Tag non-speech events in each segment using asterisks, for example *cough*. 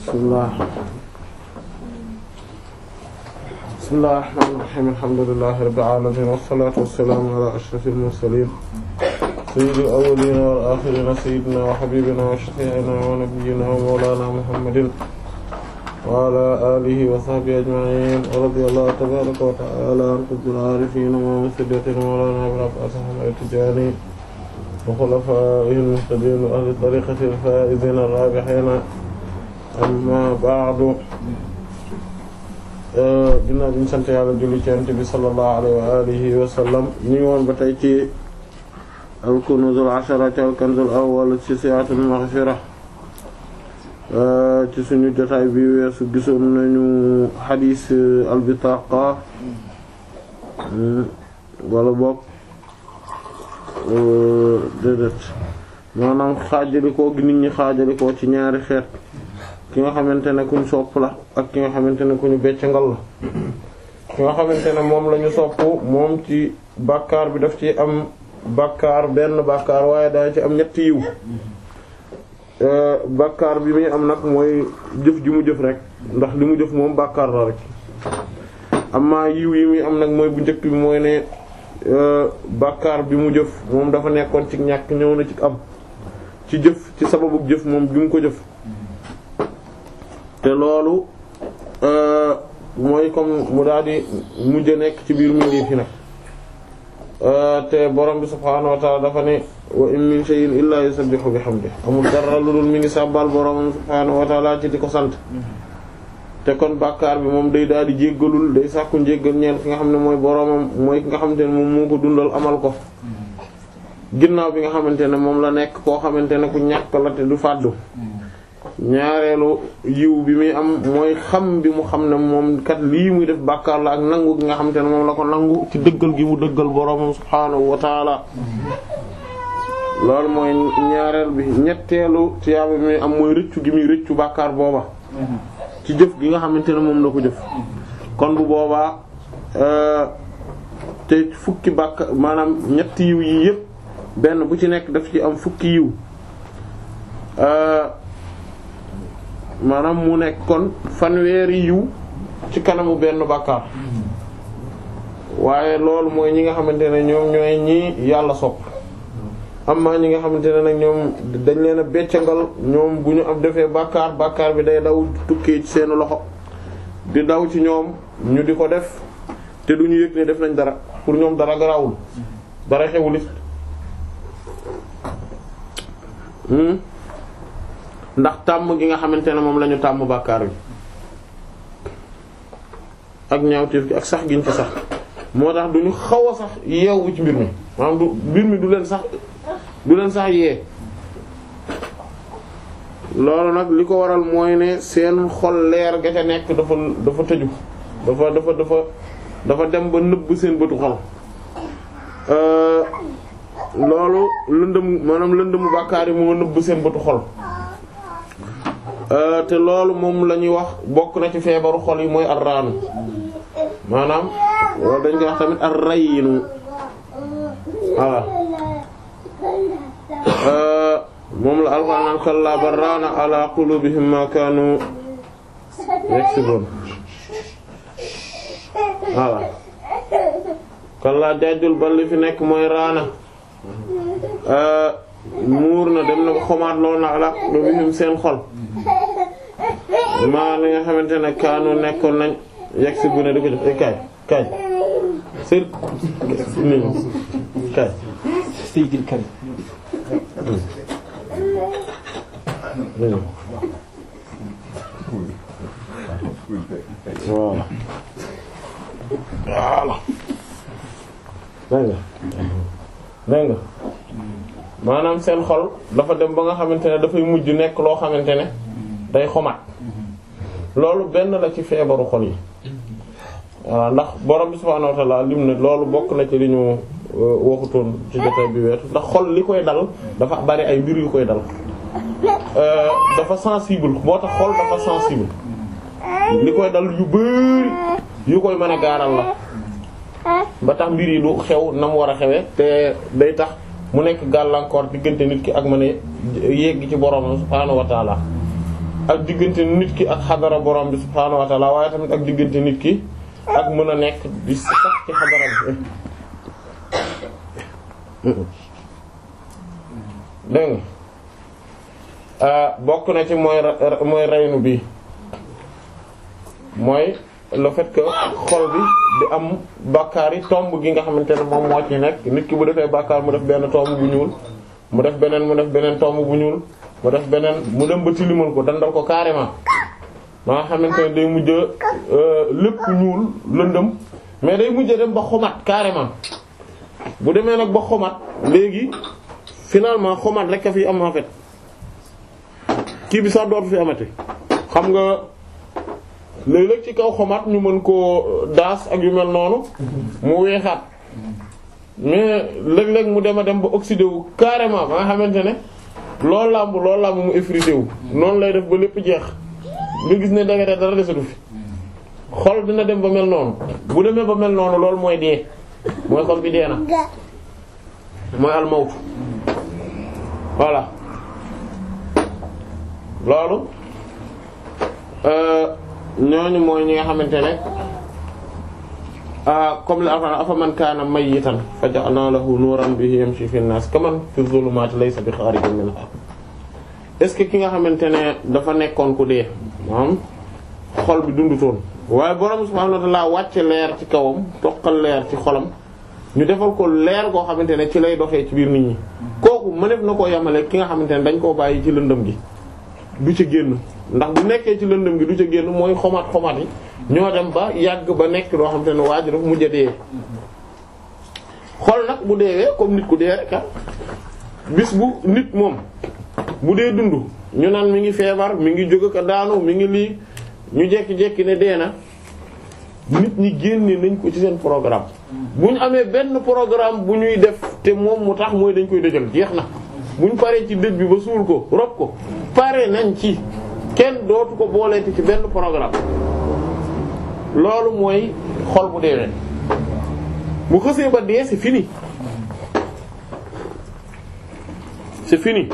bismillah bismillah rahmaani rahiim alhamdulillahi rabbil aalamiin wassalaatu wassalaamu alaa ashrafil mursaliin sayyidil awwaliin wal aaxiriin sayyidinaa wa habiibinaa wa shafii'inaa wa nabiyyinaa wa mawlaanaa muhammadin wa alaa aalihi wa sahbihi ajma'iin wa radiyallaahu tabaaraka wa ta'aalaa an qutbil aarifiin wa sayyidinaa mawlaanaa Abil Abbaas Ahmad Tijaani wa xulafaa'ihil muhtadiin wa ahli tariiqatihi al-faa'iziina ar-raabihiin amma ba'du euh, ginnaaw bi ñu sant yàlla julli ci Yonent bi sallallahu alayhi wa ñu woon ba tey ci al-Kunuzul Ashara ci al-Kanzul euh, ci sunu Maghfira ci suñu jotaay bi weesu gisoon nañu xadiis euh, al-Bitaaqa wala boog déedéet maanaam xaajalikoo gi nit ñi xaajalikoo ci ñaari xeet ki nga xamante ne kuñ ñu sopp la ak ki nga xamante ne ku ñu beccangal la ki nga xamante ne moom lañu ñu sopp moom ci bàkkaar bi daf ci am bàkkaar benn bàkkaar waaye daa ci am ñetti yiw euh, bàkkaar bi muy am nag mooy jëf ji mu jëf rek ndax li mu jëf moom bàkkaar la rek amma yiw yi am nag mooy bu njëkk mooy ne euh, bàkkaar bi mu jëf moom dafa nekkoon ci ñàkk ñëw na ci am ci jëf ci sababu jëf moom bi mu ko jëf te loolu euh, mooy comme mu daal di mujj nekk ci biir mu ngi fi nag euh, te borom bi subhaanahu wa dafa ne wa in min shay'in illaa yusabbihu bihamdihi amul dara lu dul mi ngi sàbbal borom subhaanahu wa ci di ko sant te kon bàkkaar bi moom day daal di jéggalul day sàkku njéggal ñeen ki nga xam ne mooy boroomam mooy ki nga xamante ne moom moo ko dundal amal ko ginnaaw bi nga xamante ne moom la nekk koo xamante ne ku ñàkk la te du fàddu ñaareelu yiw bi muy am mooy xam bi mu xam ne moom kat lii muy def bàkkaar la ak nangu gi nga xam te ne moom la ko nangu ci dëggal gi mu dëggal boroomam subhaanahu wa taala loolu mooy ñaareel bi ñetteelu tiyaaba am mooy rëccu gi muy rëccu booba ci jëf gi nga xamante ne moom la ko jëf kon bu boobaa euh, te fukki bàkkaar maanaam ñetti yiw yi yépp benn bu ci nekk def ci am fukki yiw euh, maanaam mu nekk kon fanweeri yiw ci kanamu benn bàkkaar waaye loolu mooy ñi nga xamante ne ñoom ñooy ñi yàlla sob am amma ñi nga xamante ne nag ñoom dañ leen a beccangal ñoom bu ñu am defee bàkkaar bàkkaar bi day daw tukkee seeni loxo di daw ci ñoom ñu di ko def te du ñu yëg ne def nañ dara pour ñoom dara garawul dara xewulit hmm? ndax tàmm gi nga xamante ne moom lañu ñu tàmm bàkkaar bi ak ñaawteef gi ak sax giñ ci sax moo tax du ñu xaw a sax yeewu ci mbir mi maanaam du mbir mi du leen sax du leen sax yee loolu nag li ko waral mooy ne seen xol leer ga ca nekk dafa dafa tëju dafa dafa dafa dafa dem ba nëbb seen bëtu xol euh, loolu lëndëm maanaam lëndëmu bàkkaar yi moo nëbb seen bëtu xol Euh, te loolu moom la ñuy wax bokk na ci feebaru xol yi mooy arraanu maanaam loolu dañ koy wax tamit arrayinu voilà euh, moom la alquran naan kallaa bal raana ala qulubihim ma kaanu yaksibun voilà kallaa jaajul fi nekk mooy raana euh, muur na dem na ba xomaat lool na ala qulubihim seen xol maa li nga xamante ne kaanu nekkoon nañ yegg si bu di ko jox eh, kaay kaay sër kaay sayyidil karim voilà voilà dégg nga dégg maanaam seen xol dafa dem ba nga xamante ne dafay mujj nekk loo xamante ne day xomaat loolu benn la ci feebaru xol yi waaw ndax borom bi subhaanahu wa ta'ala lim ne loolu bokk na ci li ñu euh, waxutoon ci jotaay bi weetu ndax xol li koy dal dafa bari ay mbir yu koy dal euh, dafa sensible boo tax xol dafa sensible li koy dal yu bari yu koy mën a gaaral la ba tax mbir yi du xew na mu war a xewee te day tax mu nekk gàllankoor diggante nit ki ak mën a yegg ci borom subhaanahu wa ak diggante nit ki ak xadara borom bi subhaanahu wa waaye tamit ak diggante nit ki ak mën a nekk di sax ci xadara bi dégg ah, bokk na ci mooy mooy raynu bi mooy le fait que xol bi di am bàkkaar yi tomb gi nga xamante ne moom moo ci nekk nit ki bu defee bàkkaar mu def benn tomb bu ñuul mu def beneen mu def beneen tomb bu ñuul mu def beneen mu dem ba tilimal ko dandal ko carrément ma nga xamante ne day mujj euh, lépp ñuul lëndëm mais day mujj dem ba xomat bu demee nag ba xomat léegi finalement xomat rek a fi am en kii bi sax dootu fi amati xam nga. léeg-léeg ci kaw xomaat ñu mën koo euh, daas ak yu mel noonu mhm. mu weexaat mais léeg-léeg mu dem a dem ba oxydé wu carrément ba nga xamante ne loolu làmb loolu làmb mu effrité wu noonu lay def ba lépp jeex nga gis ne danga dara desatu fi xol dina dem ba mel noonu bu demee ba mel noonu loolu mooy dee mooy xol bi dee na mooy almawtu voilà loolu. Euh, ñooñu mooy ñi nga xamante ne ah, comme la alquran afa man kaana may yitam lahu nuuran bihi yamshi fi nnaas kaman fi zulumaati laysa bi xaarijin minhaa est-ce que ki nga xamante ne dafa nekkoon ku dee xol bi dundutoon waaye borom subhaanahu wa ta'aala wàcce leer ci kawam toqal leer ci xolam ñu defal ko leer goo xamante ne ci lay doxee ci biir nit ñi kooku mëneef na koo yemale ki nga xamante ne dañ koo bàyyi ci lëndëm gi du ci génn ndax bu nekkee ci lëndëm gi du ca génn mooy xomaat xomaat yi ñoo dem ba yàgg ba nekk loo xam te ne waaj mu mujj a nag bu deewee comme nit ku dee ah. bis bu nit moom bu dee dund ñu naan mi ngi feebar mi ngi jóg ak daanu mi ngi lii ñu jekki-jekki ne dee na nit ñi génne nañ ko ci seen programme bu ñu amee benn programme bu ñuy def te moom mu tax mooy dañ koy dëjal jeex na buñ paree ci dëj bi ba suul ko rob ko pare nañ ci kenn dootu ko booleeti ci benn programme loolu mooy xol bu deewee bu xësee ba dee c'est fini c'est fini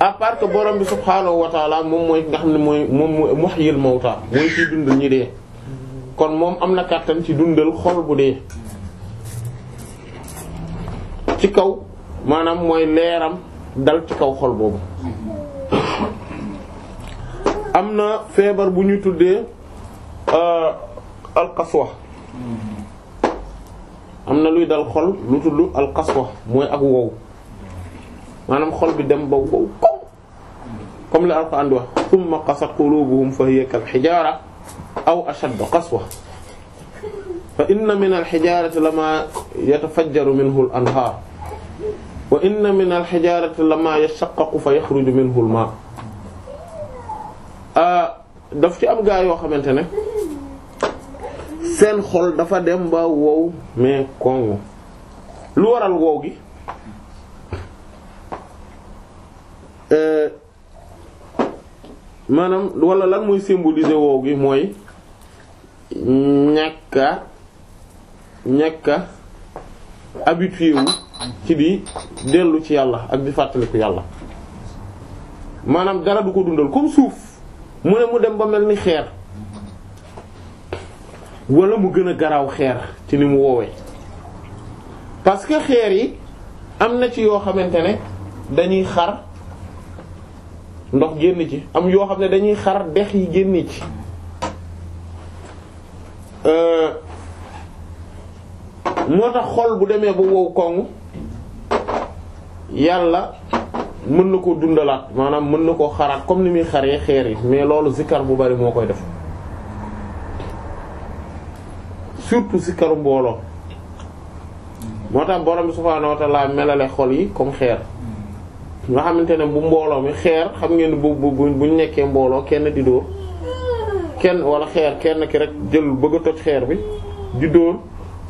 à part que borom bi subhaanahu wa taala moom mooy nga xam ne mooy moom mooy muhyil mawta mooy ciy dundal ñi dee kon moom am na kàttan ci dundal xol bu dee ci kaw maanaam mooy leeram dal ci kaw xol boobu am na feebar bu ñu tuddee euh, alqaswa am na luy dal xol lu tudd alqaswa mooy ak wow maanaam xol bi dem ba wow kom comme la alquraan wax thumma qasat qulubuhum fa hiya kal hijaara aw ashadd qaswa fa inna min al hijaarati lama yatafajjaru minhu al wa inna min al-hijarati lama yashaqqaqu fa yakhruju minhu al-ma ah, daf ci am gaa yoo xamante ne seen xol dafa dem ba wow mais kongo lu waral wow gi eh, maanaam wala lan muy symboliser wow gi mooy ñàkka ñàkka habitué wu ci di dellu ci yàlla ak di fàttaliku yàlla maanaam dara du ko dundal comme suuf mu ne mu dem ba mel ni xeer wala mu gën a garaaw xeer ci ni mu woowee parce que xeer yi am na ci yoo xamante ne dañuy xar ndox génn ci am yoo xam ne dañuy xar dex yi génn ci euh, moo tax xol bu demee ba wow koŋ yàlla mën na koo dundalaat maanaam mën na koo xaraat comme ni muy xaree xeer yi mais loolu zikkar bu bari moo koy def surtout zikkaru mbooloo moo tax borom subhaanahu wa ta'ala melale xol yi comme xeer nga xamante ne bu mbooloo mi xeer xam ngeen ne bu bu buñ nekkee mbooloo kenn di dóor kenn wala xeer kenn ki rek jël bëgg a toj xeer bi di dóor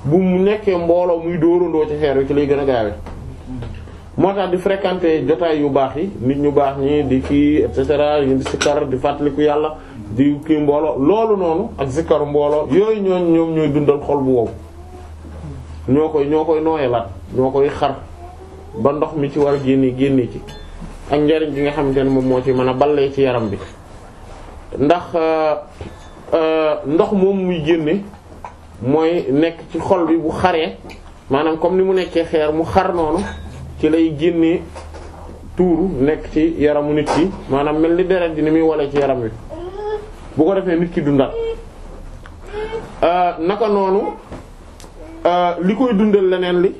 bu mu nekkee mbooloo muy dóorandoo ci xeer bi ci lay gën a gaawe moo tax di fréquenter jotaay yu baax yi nit ñu baax ñi di kii et cetera di sikkar di fàttaliku yàlla di kii mbooloo loolu noonu ak sikkaru mbooloo yooyu ñoo ñooy dundal xol bu wow ñoo koy ñoo koy nooyalaat ñoo koy xar ba ndox mi ci war a génne génne ci ak njariñ bi nga xamante ne moom moo ci mën a ballee ci yaram bi ndax euh, euh, ndox moom muy mooy nekk ci xol bi bu xaree maanaam comme ni mu nekkee xeer mu xar noonu ci lay génne tuuru nekk ci yaramu nit ki maanaam mel ni deret di mi muy walee ci yaram wi bu ko defee nit ki dundal euh, naka noonu euh, li koy dundal leneen li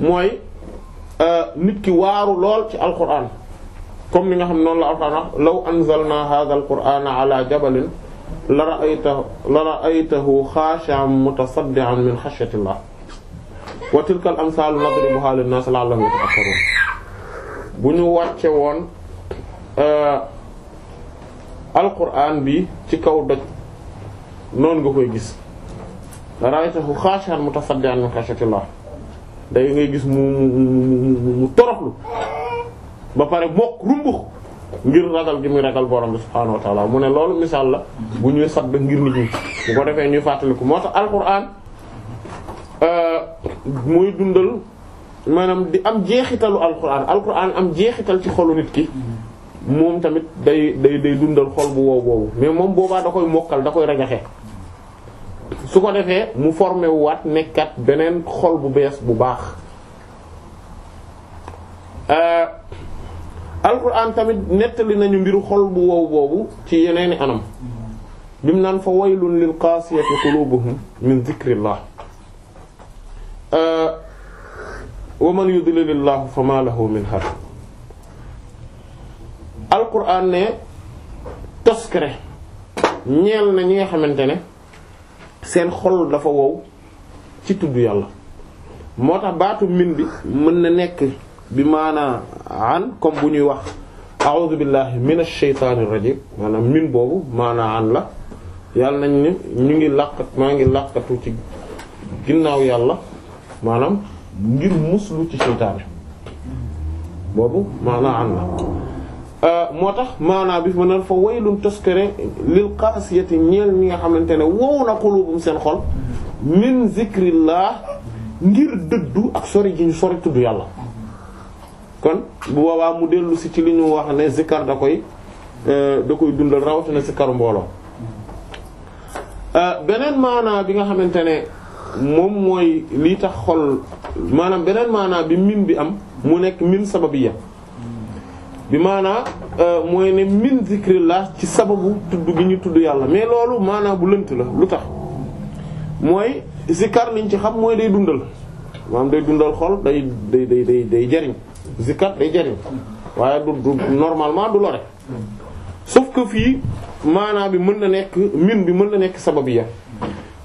mooy euh, nit ki waaru lool ci alquran comme ni nga xam noonu la alquran wax law anzalna hadha alqur'ana ala jabalin la ra'aytahu la ra'aytahu khashi'an mutasaddian min khashyatillah wa tilkal amsaalu nadribuhaa linnaas bu ñu wàcce woon euh, alquran bi ci kaw doj noonu nga koy gis ra'aytahu xaashi'an mutasaddi'an min day ngay gis mu mu mu toroxlu ba pare mokk rumbux ngir ragal gi muy ragal borom bi subhaanahu wa ta'aala mu ne loolu misaal la bu ñuy sadd ngir nit ñi bu ko defee ñuy fàttaliku moo tax alquran euh, mooy dundal maanaam di am jeexitalu alquran alquran am jeexital ci xolu nit ki moom tamit day day day dundal xol bu wow boobu mais moom boobaa da koy mokkal da koy rajaxe su ko defee mu formé wu waat nekkat beneen xol bu bees bu baax euh, alquran tamit nettali nañu mbiru xol bu wow woowu ci yeneeni anam bi mu naan fa waylun lil qaasiyati qulubuhum min dhikrillah wa man yudlilillahu fama lahu min had alquran ne toskere ñeel na ñi nga xamante ne seen xol dafa wow ci tudd yàlla moo tax baatu min bi mën na nekk bi maanaa an comme bu ñuy wax a'udhu billahi minash shaytanir rajim maanaam min boobu maanaa an la yàlla nañ ne ñu ngi làqat maa ngi làqatu ci ginnaaw yàlla maanaam ngir muslu ci seytaane boobu maanaa am na euh, moo tax maanaa bi mën a fa waylun toskere lil qasiyati ñeel ñi nga xamante ne wow na qulubum seen xol min zikrillah ngir dëddu ak sori gi ñu sori tudd yàlla kon bu boobaa mu dellu si ci li ñu wax ne zikkar da koy euh, da koy dundal rawatina zikkaru mbooloo euh, beneen maanaa bi nga xamante moom mooy lii tax xol maanaam beneen maanaa bi min bi am mu nekk min sababiyya bi maanaa euh, mooy ne min zikrillah ci sababu tudd gi ñu tudd yàlla mais loolu maanaa bu lënt la lu tax mooy zikar liñ ci xam mooy day dundal maanaam day dundal xol day day day day day jariñ zikar day jariñ waaye du normalement du lore sauf que fii maanaa bi mën na nekk min bi mën na nekk sababiyya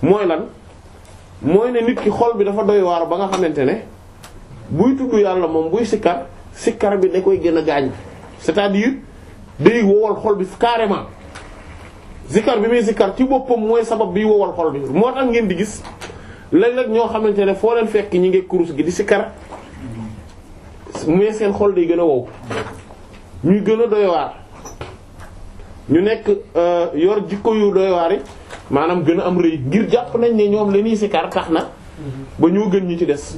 mooy lan mooy ne nit ki xol bi dafa doy waar ba nga xamante ne buy tudd yàlla moom buy sikkar sikkar bi da koy gën a gaañ c'est-à-dire day wowal xol bi carrément sikkar bi muy sikkar ci boppam mooy sabab biy wowal xol bi moo tax ngeen di gis léeg-léeg ñoo xamante ne foo leen fekk ñi ngi kurus gi di sikkar mais seen xol day gën a wow ñuy gën a doy waar ñu nekk euh, yor jikko yu doy waar yi maanaam gën a am rëy ngir jàpp nañ ne ñoom lañuy sikar tax na ba ñoo gën ñi ci des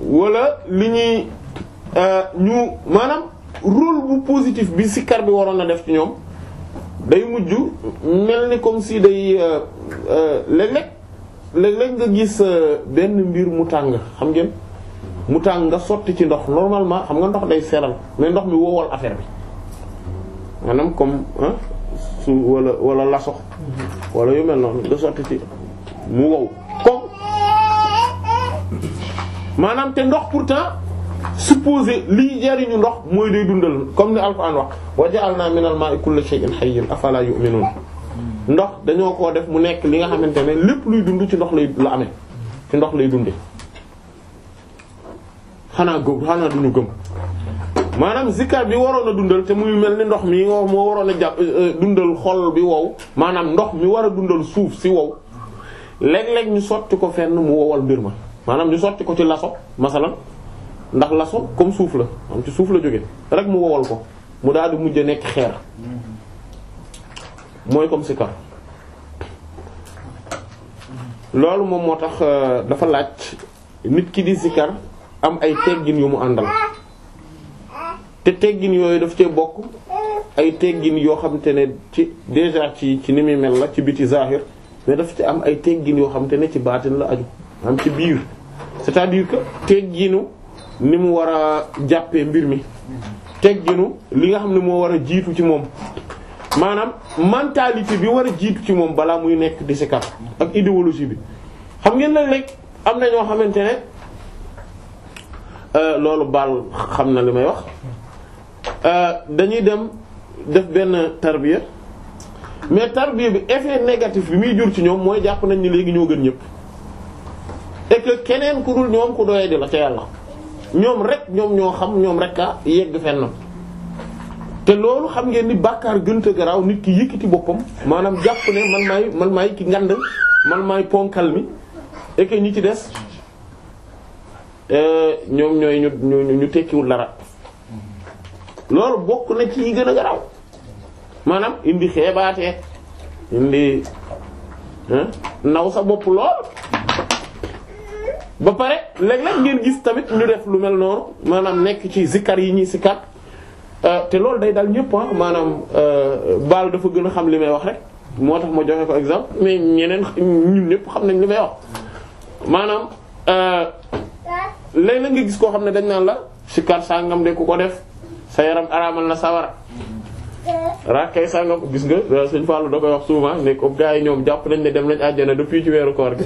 wala li ñuy euh, ñu maanaam rôle bu positif bi sikar bi waroon na def ci ñoom day mujj mel ni comme si day euh, léeg-léeg léeg nga gis benn mbir mu tàng xam ngeen mu tàng nga sotti ci ndox normalement xam nga ndox day seral mais ndox mi wowal affaire bi maanaam comme su wala wala lasox wala yu mel noonu nga sotti ci mu wow comme maanaam te ndox pourtant supposé lii jariñu ndox mooy day dundal comme ni Alxuraan wax wa ja'alna minal ma'i kulli shay'in hayyin afala yu'minun ndox dañoo koo def mu nekk li nga xamante ne lépp luy dund ci ndox lay la ame ci ndox lay dunde xanaa gëm xanaa duñu gëm maanaam zikar bi waroon a dundal te muy mel ni ndox mi moo waroon a jàpp euh, euh, dundal xol bi wow maanaam ndox mi war a dundal suuf si wow léeg-léeg ñu sotti ko fenn mu wowal mbir ma maanaam ñu sotti ko ci laso masalan ndax laso comme suuf la am ci suuf la jóge rek mu wowal ko mu daal di mujj nekk xeer mooy comme sikar loolu moom moo tax euh, dafa laaj nit ki di sikar am ay teggin yu mu àndal te teggin yooyu daf cee bokk ay teggin yoo xamante ne ci déjà ci ci ni muy mel la ci biti zahir mais daf ci am ay teggin yoo xamante ne ci baatin la aju am ci biir c'est-à-dire que tegginu ni mu war a jàppee mbir mi tegginu li nga xam ne moo war a jiitu ci moom maanaam mentalité bi war a jiitu ci moom balaa muy nekk di sikar ak idéologie bi xam ngeen nag rek am na ñoo xamante ne euh, loolu baal xam na li may wax Euh, dañuy dem def benn tarbiya mais tarbiya bi effet négatif bi muy jur ci ñoom mooy jàpp nañ ni léegi ñoo gën ñëpp et keneen ku dul ñoom ku doyee di la ca yàlla ñoom rek ñoom ñoo xam ñoom rek a yegg fenn te loolu xam ngeen ni bàkkaar gënta garaaw nit ki yëkkati boppam maanaam jàpp ne man maay man maay ki ngand man maay ponkal mi et que ñi ci des euh, ñoom ñooy ñu ñu tekkiwul dara loolu bokk na ci yi gën a garaw maanaam indi xeebaatee indi ndaw sa bopp lool ba pare léeg-léeg ngeen gis tamit ñu def lu mel noonu maanaam nekk ci zikkar yi ñuy sikkar euh, te loolu day dal ñëpp ah maanaam euh, baal dafa gën a xam li may wax rek moo tax ma joxe ko exemple mais ñeneen ñun ñëpp xam nañ li may wax maanaam euh, léeg-léeg nga gis koo xam ne dañ naan la sikkar sàngam de ku ko def sa yaram araamal na sawara rakkay sàngam gis nga suñ fàllu da koy wax souvent ne ko gars yi ñoom jàpp nañ ne dem nañ àjjana depuis ci weeru koor gi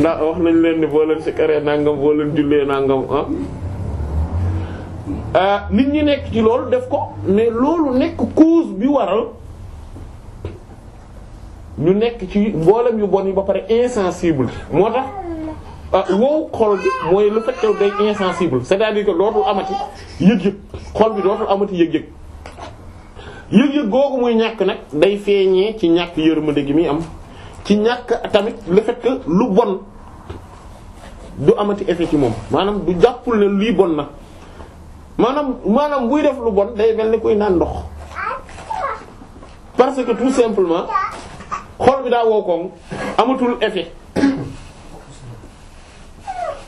ndax wax nañ leen ni boo leen sikkaree nangam boo leen jullee nangam ah. ah nit ñi nekk ci loolu def ko mais loolu nekk cause bi waral ñu nekk ci mboolem yu bon yi ba pare insensible moo tax Ah, wow xol bi mooy lu fekk yow day insensible c'est-à-dire que dootul amati yëg-yëg xol amati yëg-yëg yëg-yëg googu muy ñàkk nag day feeñee ci ñàkk yërmande gi muy am ci ñàkk tamit le fait lu bon du amati effet ci moom maanaam du jàppul ne lii bon na maanaam maanaam buy def lu bon day mel ni kuy naan ndox parce que tout simplement xol bi daa woo koŋ amatul effet.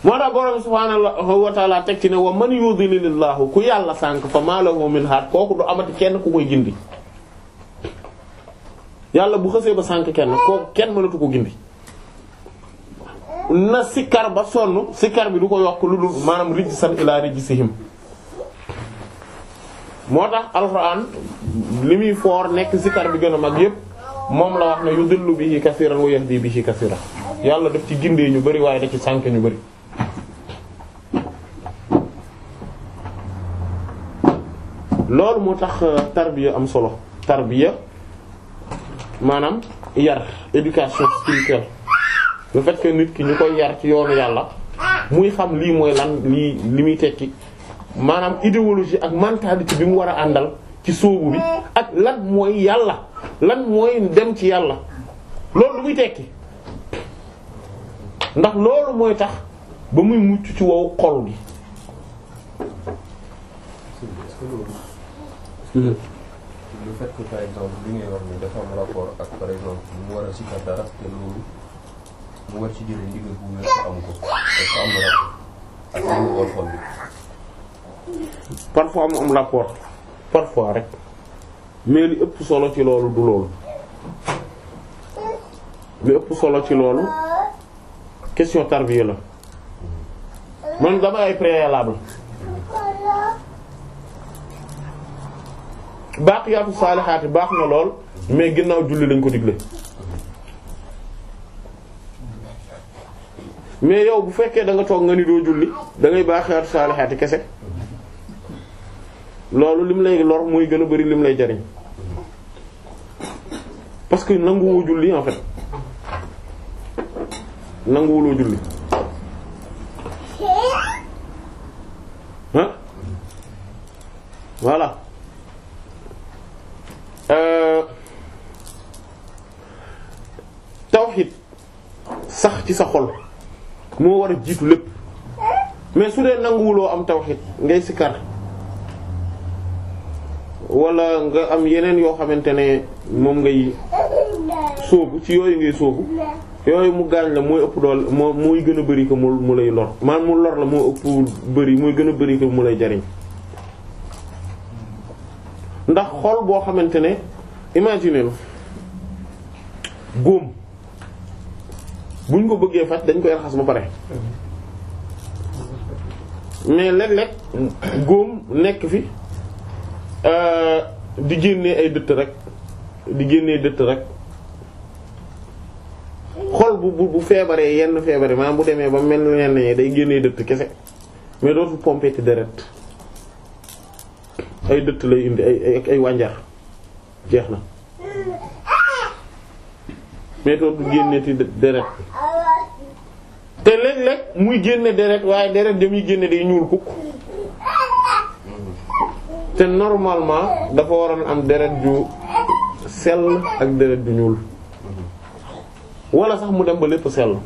moo tax borom subhaanahu wa ta'aala teg ci ne wa man yudlilillaahu ku yàlla sànk fa maa lahu min kooku du amati kenn ku koy gindi yàlla bu xësee ba sànk kenn kooku kenn mënatu ko gindi na sikkar ba sonn sikkar bi du ko yokk lu dul maanaam rijsan ilaa rijsihim moo tax alxuraan li muy foor nekk sikkar bi gën mag yépp moom la wax na yudillu bihi kasiran wa yahdi bihi kasiran yàlla def ci gindee ñu bari waaye da ci sànk ñu bari loolu moo tax euh, tarbiya am solo tarbiya maanaam yar éducation spirituelle le fait nit ki ñu koy yar ci yoonu yàlla muy xam lii mooy lan lii li muy tekki maanaam idéologie ak mentalité bi mu war a àndal ci sóobu bi ak lan mooy yàlla lan mooy dem ci yàlla loolu muy tekki ndax loolu mooy tax ba muy mucc ci wow xol gi le fait que ak par ci jëlee ndigal parfois mu am rapport parfois rek mais li ëpp solo ci loolu du loolu li ëpp solo ci loolu question tarbiya la man dama ay préalable baax baaqiyaatu saalihaat baax na lool mais ginnaaw julli lañ ko digle mais yow bu fekkee da nga toog nga ni doo julli da baax baaqiyaatu saalihaat kese loolu lim lay lor mooy gën a bari lim lay jariñ parce que nanguwoo julli en fait nanguwuloo julli ah voilà ci sa xol moo war a jiitu lépp mais su dee nanguwuloo am tawhid ngay sikar wala nga am yeneen yoo xamante ne moom ngay sóobu ci yooyu ngay sóobu yooyu mu gaañ la mooy ëpp dool moo mooy gën a bari ko mu lay lor man mu lor la moo ëpp bari mooy gën a bari ko mu lay jariñ ndax xol boo xamante ne imagine la góom buñ ko bëggee faj dañ koy raxas ba pare mais léeg-léeg góom nekk fi euh, di génnee ay dëtt rek di génnee dëtt rek xol bu bu bu feebaree yenn feebare maanaam bu demee ba mel ne ne day génnee dëtt kese mais dootul pomper ci deret ay dëtt lay indi ay ay ay wànjar jeex na. mais dootu génneeti deret te léeg-léeg muy génne deret waaye deret de muy génne day ñuul kukk te normalement dafa waroon am deret ju sell ak deret ju ñuul wala sax mu dem ba lépp sell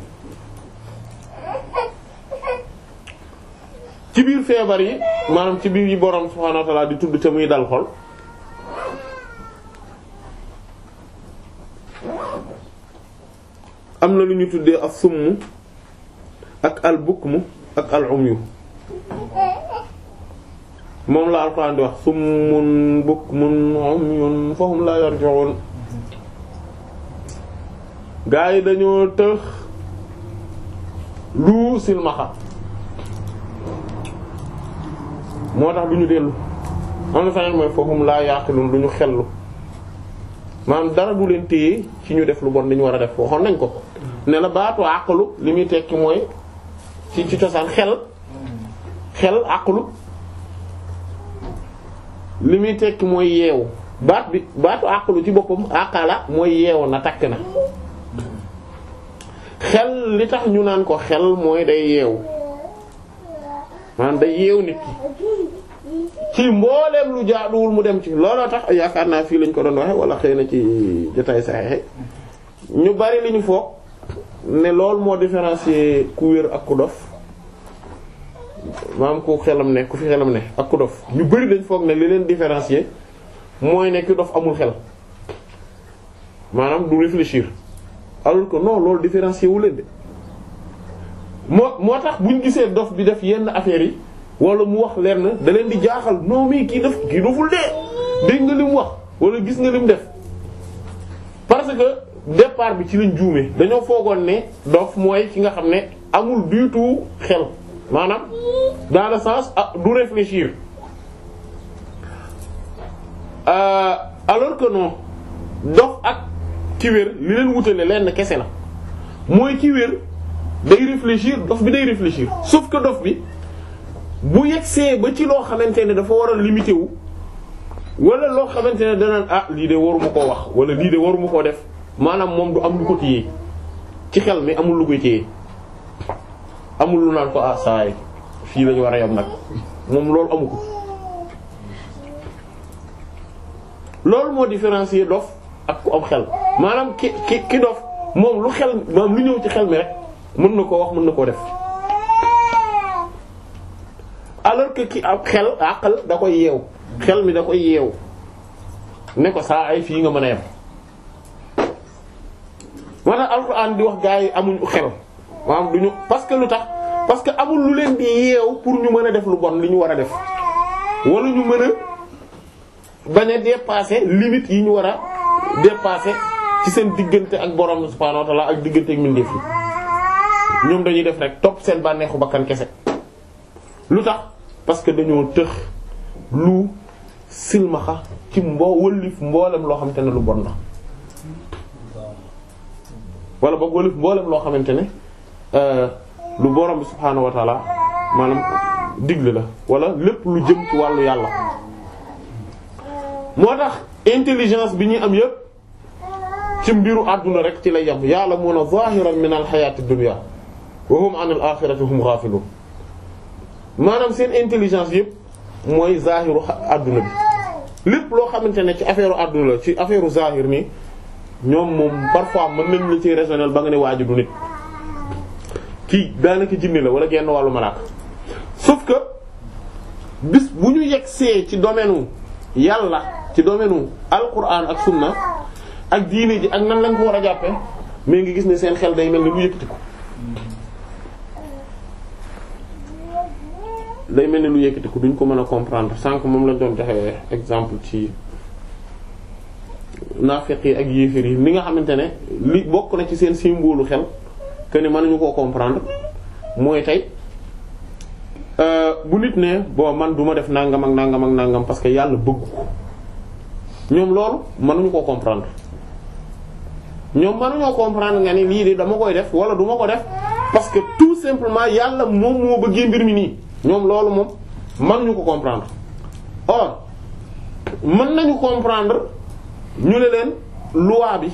ci biir feebar yi maanaam ci biir yi borom subhaanahu wa ta'aala di tudd te muy dal xol am na lu ñu tuddee ak summ ak al bukmu ak al moom la alxuraan di wax summun bukmun umyun fahum la yarji'un gaa yi dañoo tëx lu silmaxa moo tax du ñu dellu am na feneen mooy fahum la yaqilun lu ñu xellu maanaam dara du leen téye ci ñu def lu bon li ñu war a def waxoon nañ ko ne la baatu àqalu li muy tekki mooy ci ci cosaan xel xel àqalu li muy tekki mooy yeewu baat bi baatu àqalu ci boppam àqala mooy yeewu na takk na xel li tax ñu naan ko xel mooy day yeewu maanaam day yeewu nit ci mbooleem lu jaaduwul mu dem ci looloo tax yaakaar naa fii lañ ko doon waxe wala xëy na ci jotaay saxexe ñu bari li ñu foog ne loolu moo différencier ku wér ak ku dof maam ku xelam ne ku fi xelam ne ak ku dof ñu bari dañ foog ne li leen différencier mooy ne ku dof amul xel maanaam du réfléchir alors que non loolu différencier wu leen de moo moo tax buñ gisee dof bi def yenn affaires yi wala mu wax leen na da leen di jaaxal non mais kii def kii doful dee dégg nga li wax wala gis nga li def parce que départ bi ci lañ juume dañoo foogoon ne dof mooy ki nga xam ne amul du tout xel maanaam dans le sens ah du réfléchir euh, alors que non dof ak ki wér li leen wutale lenn kese la mooy kiwér wér day réfléchir dof bi day réfléchir sauf que dof bi bu yegsee ba ci loo xamante ne dafa war a limité wu wala loo xamante ne danaan ah lii de waruma koo wax wala lii de waruma koo def maanaam moom du am lu ko téye ci xel mi amul lu koy téye amul lu naan ko ah saay fii lañu war a yam nag moom loolu amu ko loolu moo différencier dof ak ku am xel maanaam ki ki ki dof moom lu xel maanaam lu ñëw ci xel mi rek mën na koo wax mën na koo def alors ki am xel àqal da koy yeew xel mi da koy yeew ne ko saa ay fii nga mën a yam moo tax alxuraan di wax gaa yi amuñu xel maanaam duñu parce que lu tax parce que amul lu leen di yeew pour ñu mën a def lu bon li ñu war a def wala ñu mën a bañ a dépasser limites yi ñu war a dépasser ci seen diggante ak borom subhaanahu la ta'aala ak diggante ak mbindeef yi ñoom dañuy def rek topp seen bànneexu bakkan kese lu tax parce que dañoo tëx lu silmaxa ci mbo wëllif mboolem loo xam te ne lu bon la wala boog wala mboolem loo xamante ne euh, lu borom bi subhaanahu wa maanaam digle la wala lépp lu jëm ci wàllu yàlla moo tax intelligence bi ñuy am yépp ci mbiru àdduna rek ci lay yam ya'lamuna moo min al-hayati ad-dunya wa hum 'an al hum ghafilun maanaam seen intelligence yépp mooy zahiru àdduna bi lépp loo xamante ne ci affaire àdduna la ci affaire zahir nii ñoom moom parfois mën nañ la ci raisonnel ba nga ne waaju du nit kii daanaka jinne la wala genn wàllu malaaka sauf que bis bu ñu yegsee ci domaine wu yàlla ci domaine wu alquran ak sunna ak diine ji ak nan lañ ko war a jàppe mais ngi gis ne seen xel day mel ni lu yëkkati ko day mel ni lu yëkkati ko duñ ko mën a comprendre sànq moom lañ doon joxe exemple ci naafeq yi ak yéeféer yi li nga xamante ne li bokk na ci seen simboolu xel que ne mënuñu koo comprendre mooy tey euh, bu nit ne bon man duma def nangam ak nangam ak nangam parce que yàlla bëgg ko ñoom loolu mënuñu koo comprendre ñoom na mënuñoo comprendre nga ni lii de dama koy def wala duma ko def parce que tout simplement yàlla moom moo bëggee mbir mi nii ñoom loolu moom man mënuñu ko comprendre or mën nañu comprendre ñu ne leen loi bi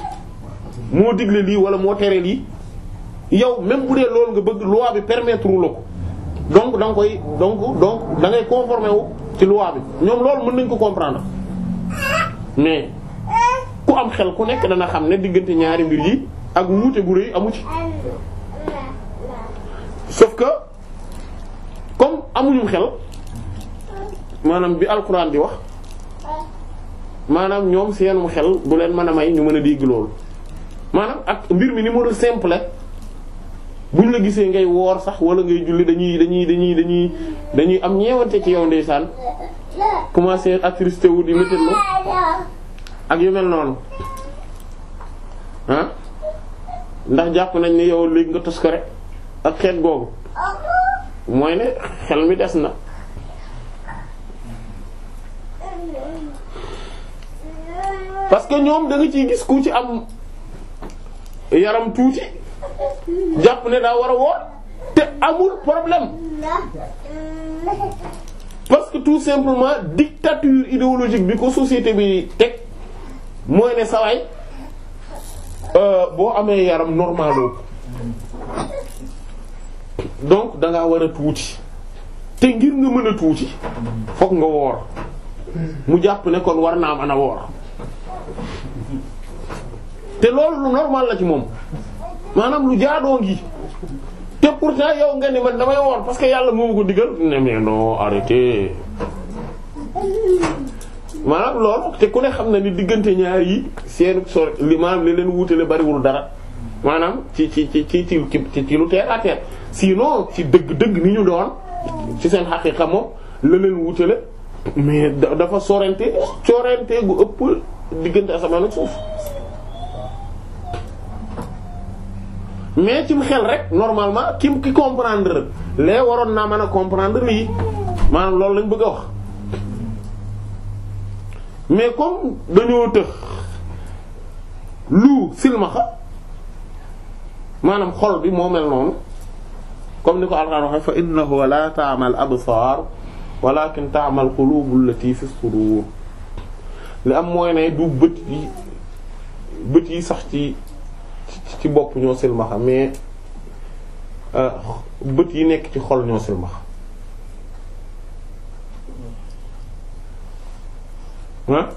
moo digle lii wala moo tere lii yow même bu dee loolu nga bëgg loi bi permettre wu la ko donc da nga koy donc donc da ngay conformer wu ci loi bi ñoom loolu mën nañ ko comprendre mais ku am xel ku nekk dana xam ne diggante ñaari mbir yi ak wuute gu rëy amu ci sauf que comme amuñu xel maanaam bi alxuraan di wax. maanaam ñoom seenum xel bu leen mën a may ñu mën a dégg loolu maanaam ak mbir mi ni mu simple buñ la gisee ngay woor sax wala ngay julli dañuy dañuy dañuy dañuy dañuy am ñeewante ci yow ndeysaan commencer attristé wu di météo ak yu mel noonu ah? ndax jàpp nañ ne yow léegi nga tos ko rek ak xeet googu mooy ne xel mi des na. que ñoom danga nga ciy gis ku ci am yaram tuuti jàpp ne daa war a woor te amul problème parce que tout simplement dictature idéologique bi ko société bi teg mooy ne sawaay euh, boo amee yaram normalo donc da ngaa war a tuuti te ngir nga mën a tuuti fokk nga woor mu jàpp ne kon war naa am mën a woor te loolu lu normal la ci moom maanaam lu jaadoo ngi te pourtant yow nga ni man damay woor parce que yàlla moom ma ko digal ne mais non arrêté maanaam loolu te ku ne xam na ni diggante ñaar yi seen sore li maanaam li leen wuutale bariwul dara maanaam ci ci ci ci ci ci teer à teer ci dëgg-dëgg ni ñu doon ci seen xaqiqa moom la leen wuutale mais dafa sorente sorente gu ëpp diggante asamaan ak suuf mais cim xel rek normalement kim ki comprendre lee waroon naa mën a comprendre lii maanaam loolu lañ bëgg a wax mais comme dañoo tëx lu silmaxa maanaam xol bi moo mel noonu comme ni ko Alxuraan waxee fa innahu la ta'mal absar walakin ta'mal qulubul lati fi sudur li am mooy ne du bët yi bët yi sax ci ci bopp ñoo silmaxa mais euh, bët yi nekk ci xol ñoo silmaxa ah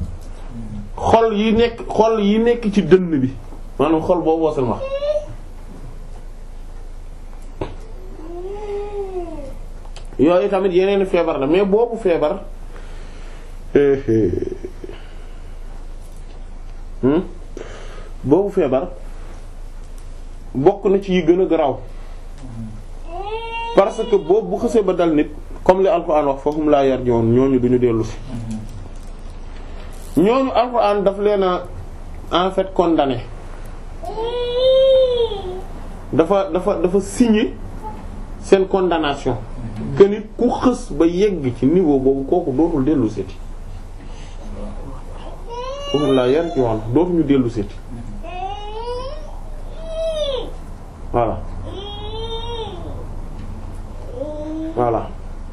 xol yi nekk xol yi nekk ci dënn bi maanaam xol booboo silmaxa yooyu tamit yeneen feebar la mais boobu feebar eh, eh, Hmm? boobu feebar bokk na ci yi gën a garaw parce que boobu bu xësee ba dal nit comme li alxuraan wax foofu mu laa yar joon ñooñu duñu dellusi si ñooñu alxuraan daf leen a en fait condamné dafa dafa dafa signé seen condamnation que nit ku xës ba yegg ci niveau boobu kooku dootul dellu laa yan ci ñu dellu seeti voilà voilà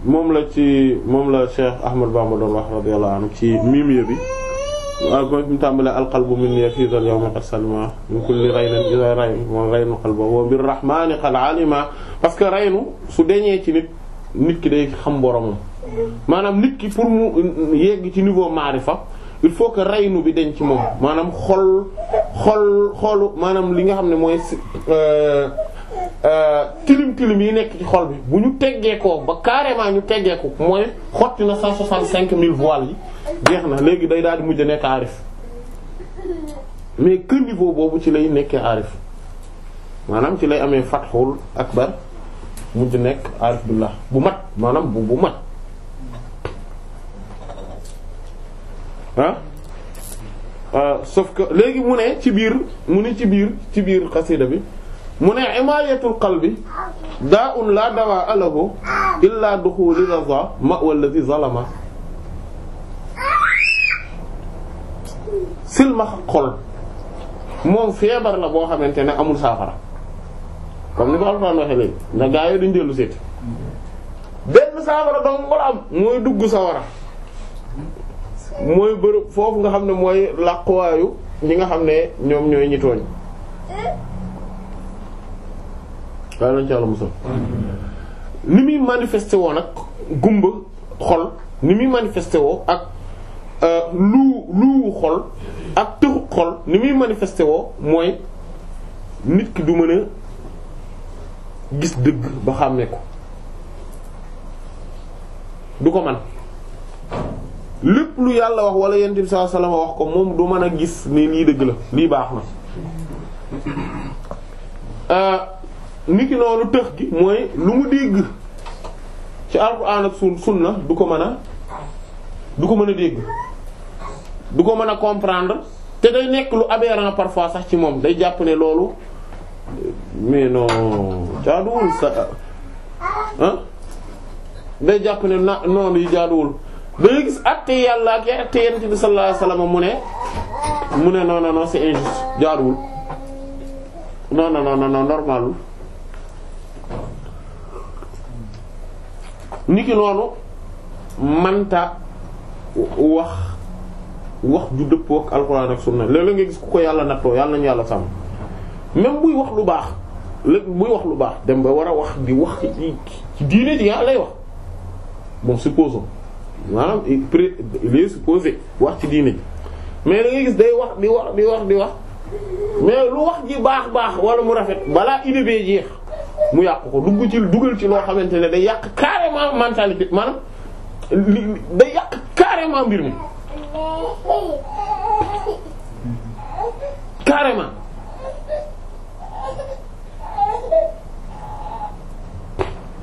moom la ci moom la Cheikh Ahmad Bamba doon wax radiyallahu ci mimiya bi waaw mooy fi mu tàmbalee alqalbu min yafiidu al-yawma qad salima min kulli raynin iza rayn moom raynu qalba wa bir rahmani qad parce que raynu su deñee ci nit nit ki day xam boromam maanaam nit ki pour mu yegg ci niveau maarifa il faut que raynu bi denc ci moom maanaam xol xol xolu maanaam li nga xam ne mooy euh, euh, tilim tilim yi nekk ci xol bi bu ñu teggee ko ba carrément ñu teggee ko mooy xotti na cent soixante-cinq mille voiles yi jeex na léegi day daal di mujj nekk aarif mais que niveau boobu ci lay nekkee aarif maanaam ci lay amee fatxul akbar mujj nekk aarif billah bu mat maanaam bu bu mat Ah. ah sauf que léegi mu ne ci biir mu ne ci biir ci biir xasida bi mu ne imaayatul qalbi daa un laa dawaa alahu illaa duxuli raza ma wallazi zalama silmax xol moom feebar la boo xamante ne amul saafara kon ni ko alxuraan waxee léegi ndax gaa yi duñ dellu seet benn saafara dong ko am mooy dugg sawara mooy bërëb foofu nga xam ne mooy làquwaayu ñi nga xam ne ñoom ñooy ñi tooñ waaye lañ ci musal ni muy manifesté woo nag gumba xol ni muy manifesté woo ak euh, lu luwu xol ak tëxu xol ni muy manifesté woo mooy nit ki du mën a gis dëgg ba xàmmee ko du ko man lépp lu yàlla wax wala yonent bi sallallahu alayhi wasallam wax ko moom du mën a gis ne lii dëgg la lii baax na euh, niki noonu tëx gi mooy lu mu dégg ci alxuraan ak sun na du ko mën a du ko mën a dégg du ko mën a comprendre te day nekk lu aberrant parfois sax ci moom day jàpp ne loolu mais non jaaduwul sa ah, day jàpp ne na noonu yi jaaduwul da gis àtte yàlla ak àtte yonent bi sallallahu alayhi wasallam mu ne mu ne non non non c'est injuste jaaduwul non non non non normalul noonu manta wax wax ju dëppoo ak alxuraan ak sunna léeg-léeg nga gis ku ko yàlla nattoo yàlla nañu yàlla sàmm même buy wax lu baax léegi buy wax lu baax dem ba war a wax di wax ci diine ji yàlla ah, lay wax bon supposons. maanaam il est supposé wax ci diine ji mais da ngay gis day wax di wax di wax di wax mais lu wax ji baax baax wala mu rafet balaa idée bee jeex mu yàq ko dugg ci dugal ci loo xamante ne day yàq carrément mentalité maanaam li day yàq carrément mbir mi carrément.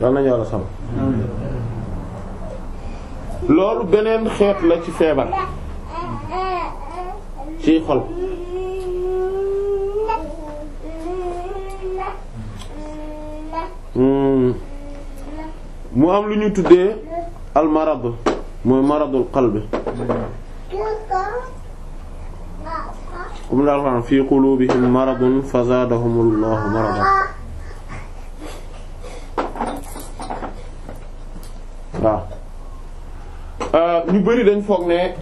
dal nañu war a loolu beneen xeet la ci feebar ci xol hmm. mu am lu ñu tuddee al marad mooy maradul qalbi comme daal xam fi qulubihim maradun fazadahumullahu maradan waaw Euh, ñu bari dañ foog ne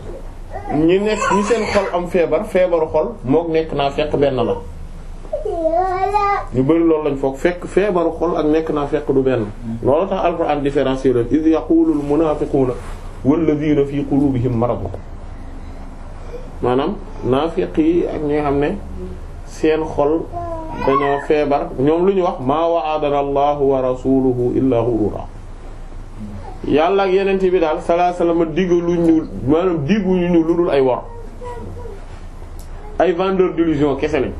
ñi nekk ñi seen xol am feebar feebaru xol mook nekk naa fekk benn la ñu bari loolu lañ foog fekk feebaru xol ak nekk naa fekk du benn loolu tax alxuraan différencier leen iz yaqulul munaafiquuna walladhiina fii quluubihim maradun maanaam naafiq yi ak ñi nga xam ne seen xol dañoo feebar ñoom lu ñu wax maa wa'adana allahu wa rasuluhu illa ghurura yàlla ak yeneen bi daal sallallahu alayhi lu ñuul ñu maanaam digguñu ñu lu dul ay wor ay vendeur d'illusion kese lañ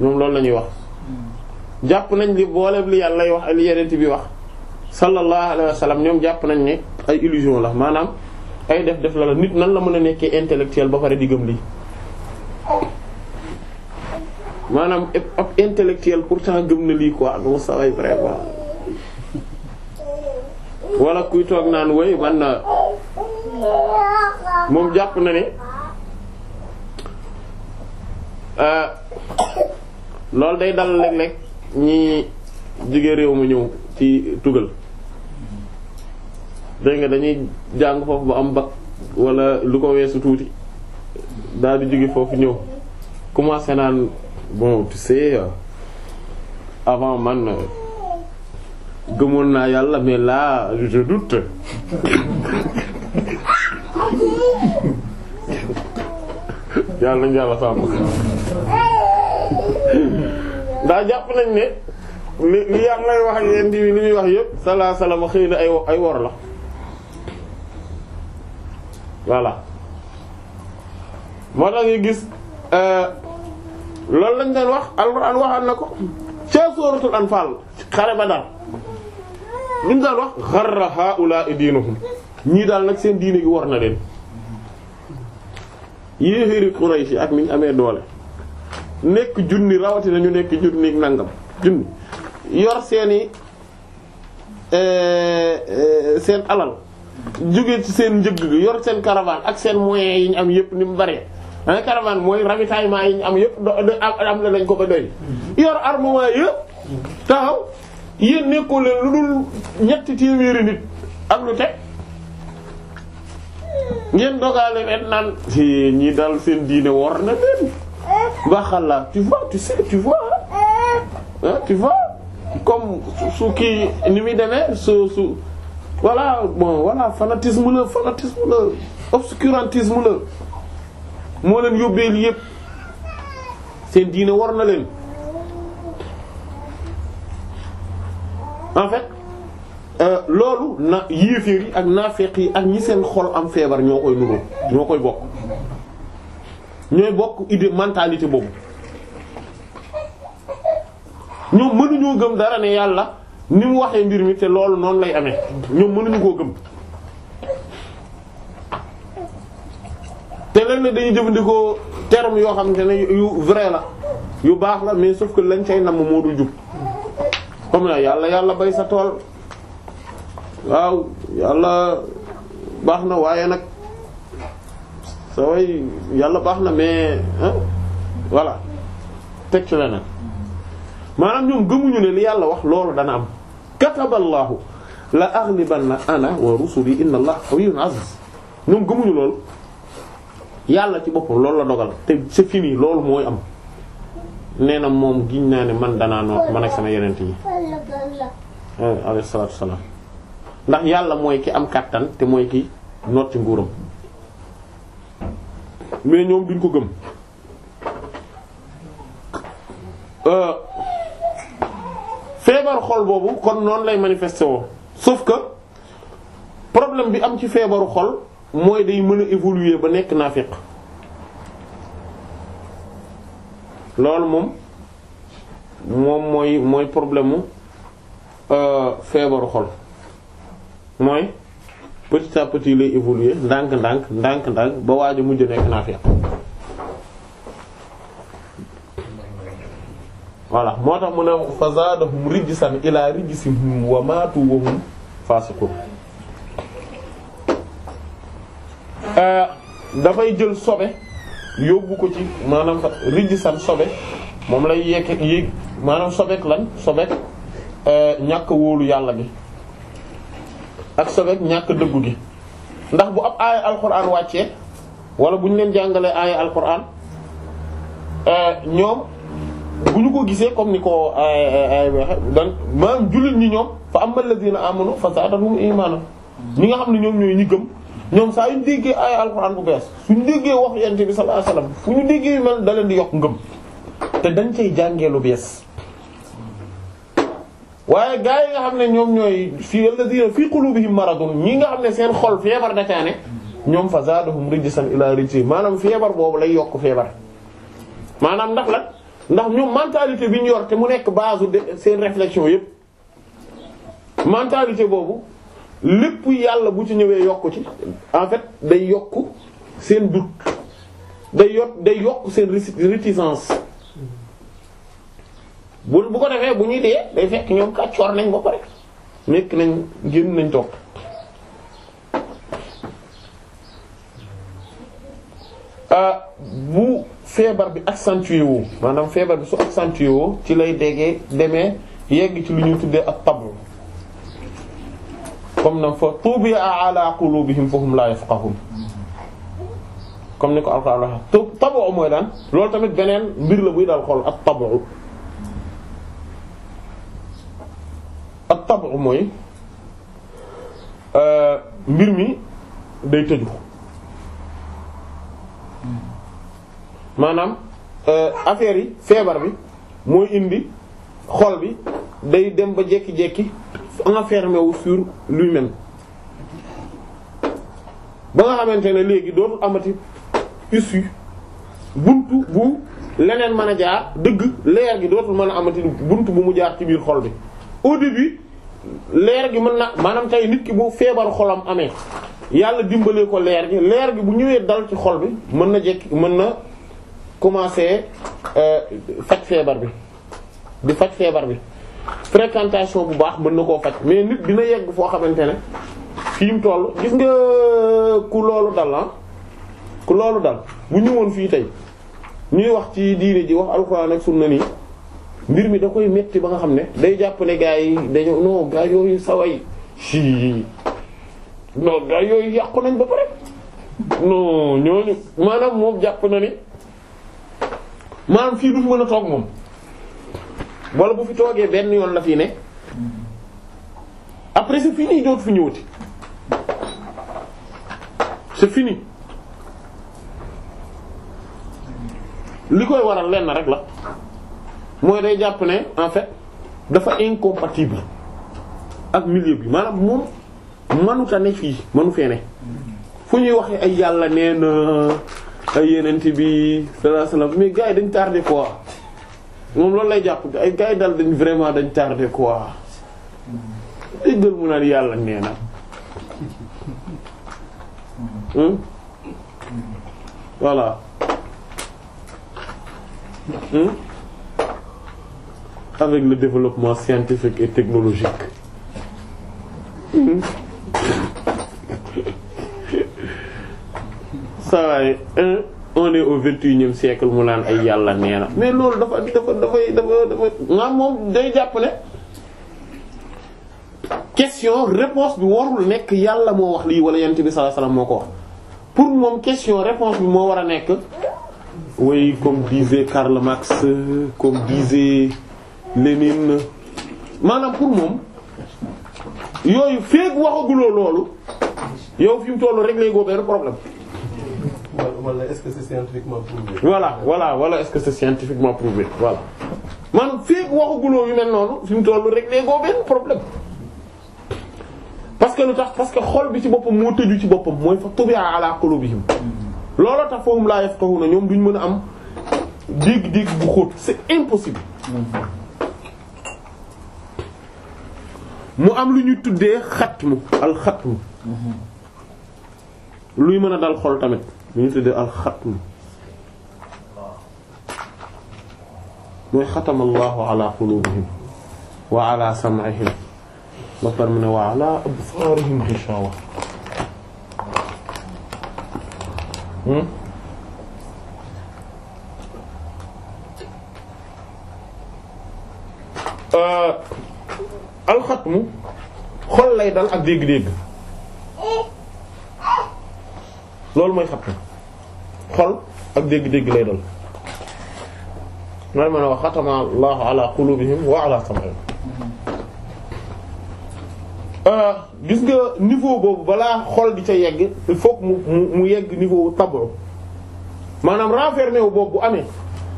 ñoom loolu la ñuy wax jàpp nañ li booleeb li yàlla lay wax ak li yeneen bi wax sallallahu alayhi wasallam ñoom jàpp nañ ne ay illusion la maanaam ay def def la la nit nan la mën a nekkee intellectuel ba pare di lii maanaam ab intellectuelle pour intellectuel pourtant gëm na lii quoi non ça va vraiment wala kuy toog naan woy man na moom jàpp na ne euh, loolu day dal léeg-léeg ñi jóge réew mu ñëw ci tugal dégg dañuy jàng foofu ba am bag walla lu ko weesu tuuti daal di jóge foofu ñëw commencé naan bon tu sais euh, avant man euh, gëmoon naa yàlla mais là je doute *laughs* yàlla nañu yàlla sàmm ndax jàpp nañ ne li li yàlla lay wax ak yéen di li muy wax yëpp salaa salaam xëy na ay ay wor la voilà moo tax ñu gis. Euh, loolu lañ doon wax alxuraan waxaat na ko ca suuratul anfaal xare ba daal li mu wax xarra haa'ulaa'i diinuhum ñii daal nag seen diine gi wor na leen yéeféeri Quraysh ak niñ amee doole nekk junni rawatina ñu nekk junni nangam junni yor seeni eh, eh, seen alal jóge ci seen njëgg yor seen caravane ak seen moyens yi ñu am yépp ni mu bare ah caravane mooy ravitaillement yi ñu am yëpp am na lañ ko ba doy. yor armement yëpp taxaw yéen nekkoo leen lu dul ñetti téeméeri nit am lu teg ngeen dogaale leen naan. si ñi dal seen diine war na leen. baaxal la tu vois tu sais tu vois ah tu comme su kii demee su su voilà bon voilà fanatisme la fanatisme la obscurantisme la. moo leen yóbbee lii yëpp seen diine war na leen en fait euh, loolu na yéeféer yi ak naafeq yi ak ñi seen xol am feebar ñoo koy nuroo ñoo koy bokk ñooy bokk idée mentalité boobu ñoom mënuñoo gëm dara ne yàlla ni mu waxee mbir mi te loolu noonu lay amee ñoom mënuñu koo gëm te la dañuy jëfandikoo terme yoo xamante ne yu vrai la yu baax la mais sauf que lañ cay namm moo dul jub comme yàlla yàlla bay sa tool waaw yàlla baax na waaye nag sa way yàlla baax na mais voilà teg ci leneen maanaam ñoom gëmuñu ne li yàlla wax loolu dana am kataballahu la aghlibanna ana wa rusuli inna allaha qawiyyun aziz ñoom gëmuñu loolu yàlla ci boppam loolu la dogal te c'est fini loolu mooy am nee na moom giñ naa ne man danaa noot man ak sama yenent yi eh, alayhi salaatu wassalaam ndax yàlla mooy ki am kàttan te mooy ki noot ci nguuram mais ñoom duñ ko gëm euh, feebaru xol boobu kon noonu lay manifesté woo sauf que problème bi am ci feebaru xol mooy day mën a évoluer ba nekk naafiq loolu moom moom mooy mooy problème mu euh, feebaru xol mooy petit à lay évoluer ndànk ndànk ndànk ndànk ba waaj a mujj nekk naafiq voilà moo tax mu ne fa zaadahum rijsan ilaa rijsihim wa maatu wa hum faasiqun Euh, dafay jël sobe yóbbu ko ci maanaam rijisan sobe moom lay yeeke yéeg maanaam sobeek lan sobeek euh, ñàkk wóolu yàlla bi ak sobeek ñàkk dëggu gi ndax bu ab aaya alxuraan wàccee wala bu ñu leen jàngalee aaya alxuraan euh, ñoom bu ñu ko gisee comme ni ko aaya waxe dan maanaam jullit ñi ñoom fa amal ladina amanu fa zaadahum imaana ñi nga xam ne ñoom ñooy ñi gëm ñoom saa yu déggee ay alxuraan bu bees suñu déggee wax yonent bi sallallahu alayhi wasallam fu ñu déggee yu mel da leen di yokk ngëm te dañ cay jàngee lu bees waaye gaa yi nga xam ne ñoom ñooy fii alladhina fi qulubihim maradun ñi nga xam ne seen xol feebar dacaane ñoom fa zaadahum rijsan ila rijsi maanaam feebar boobu lay yokk feebar maanaam ndax la ndax ñoom mentalité bi ñu yor te mu nekk base de seen réflexion yépp mentalité boobu lépp yàlla bu ci ñëwee yokku ci en fait day yokku seen doute day yot day yokk seen réticence bu bu ko demee bu ñuy dee day fekk ñoom kàccoor nañ ba pare nekk nañ génn nañ topp ah, bu feebar bi accentué wu maanaam feebar bi su accentué wu ci lay déggee demee yegg ci lu ñuy tuddee ak tableau comme na fa tuubiya ala qulubihim fahum la yafqahun comme ni ko alxuraan wax tabu mooy daan loolu tamit beneen mbir la buy dal xol ak tabu ak tabu mooy euh, mbir mi day tëju maanaam euh, affaire yi feebar bi mooy indi xol bi day dem ba jékki-jékki enfermé wu sur lui-même ba nga xamante ne léegi dootul amati issue buntu bu leneen mën a jaar dëgg leer gi dootul mën a amati buntu bu mu jaar ci biir xol bi au début leer gi mën na maanaam tey nit ki bu feebar xolam amee yàlla dimbalee ko leer gi leer gi bu ñëwee dal ci xol bi mën na jekki mën na commencer euh, faj feebar bi di faj feebar bi fréquentation bu baax mën na koo faj mais nit dina yegg foo xamante ne fii mu toll gis nga ku loolu dal ah ku loolu dal bu ñëwoon fii tey ñuy wax ci diine ji wax alxuraan ak sunna nii mbir mi da koy metti ba nga xam ne day jàpp ne gaa yi dañoo non gaa yooyu saway si non gaa yooyu yàqu nañ ba pare non ñooñu maanaam moom jàpp na ni maanaam fii du fi a toog moom wala bu fi toogee benn yoon la fi ne après c'est fini dootu fu ñëwati c'est fini li koy waral lenn rek la mooy day jàpp ne en fait dafa incompatible ak milieu bi maanaam moom mënuta ne fii mënu fee ne fu ñuy waxee ay yàlla nee na ay yenent bi sallallahu alayhi wasallam mais gars yi dañ tardé quoi moom loolu lay jàpp ay gars yi daal dañ vraiment dañ tardé quoi déggal mu naan yàlla nee na hmm? voilà hmm? avec le développement scientifique et technologique hmm? *laughs* ça va on est au vingt-et-unième siècle mu naan ay yàlla nee na mais loolu dafa dafa dafay dafa dafa maam moom day jàpp ne question réponse bi warul nekk yàlla moo wax lii wala yent bi sallallahu alayhi moo ko wax pour moom question réponse bi moo war a nekk oui comme disait Karl comme disait Lénine maanaam pour moom yooyu feek waxaguloo loolu yow fi mu tollu régler goo benn problème wala est-ce voilà voilà wala est-ce que c'est scientifiquement prouvé voilà man fii waxaguloo yu mel noonu fi mu tollu rek nee benn problème. parce que lu tax parce que xol bi ci boppam moo tëju ci boppam mooy fa tubi'a ala qulubihim looloo tax fahum la yafqahuna ñoom duñ mën a am dégg-dégg bu xóot c'est impossible. mu am lu ñu tuddee xatmu al xatmu luy mën a dal xol tamit lu ñu tuddee alxatm mooy xatama allahu ala qulubihim wa ala sam'ihim ba pare mu ne wa ala absaarihim gishawa hmm? euh, alxatmu xol lay dal ak dégg-dégg loolu mooy xatmu xol ak dégg-dégg lay dal mooy mën a wax xatama Allahu ala qulubihim wa ala sam'ihim euh, gis nga niveau boobu balaa xol di ca yegg il faut mu mu yegg niveau tabro maanaam renfermé wu boobu bu amee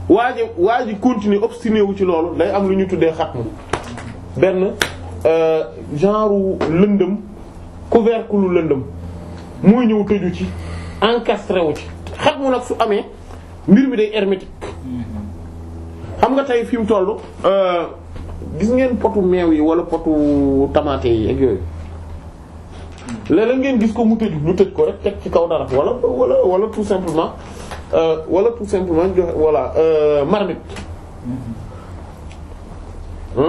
waa ji waa ji continuer obstiné wu ci loolu day am lu ñu tuddee xatmu benn euh, genre lëndëm couvercle lu lëndëm muy ñëw tëju ci encastré wu ci xat mu nag su amee mbir mi day hermétique xam nga tey fi mu toll euh, gis ngeen potu meew yi wala potu tamaate yi ak yooyu léeg-léeg ngeen gis ko mu tëju lu tëj ko rek teg ci kaw dara wala wala wala tout simplement euh, wala tout simplement joxe voilà euh, marmite fi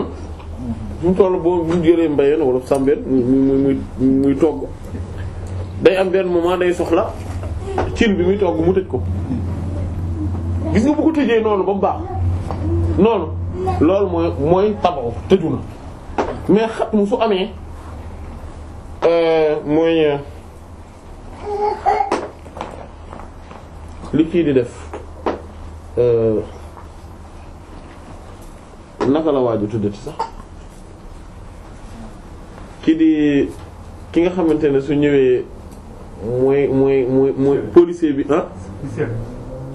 mu toll boo bu jëlee mbayeen wala sàmbeen muy muy muy muy togg day am benn moment day soxla cin bi muy togg mu tëj ko gis nga bu ko tëjee noonu ba mu baax noonu loolu mooy mooy tabaw tëju na mais xat mu su amee euh, mooy euh, li kii di def euh, naka la waaju tuddati sax kii di ki nga xamante ne su ñëwee mooy mooy mooy mooy policier bi ah.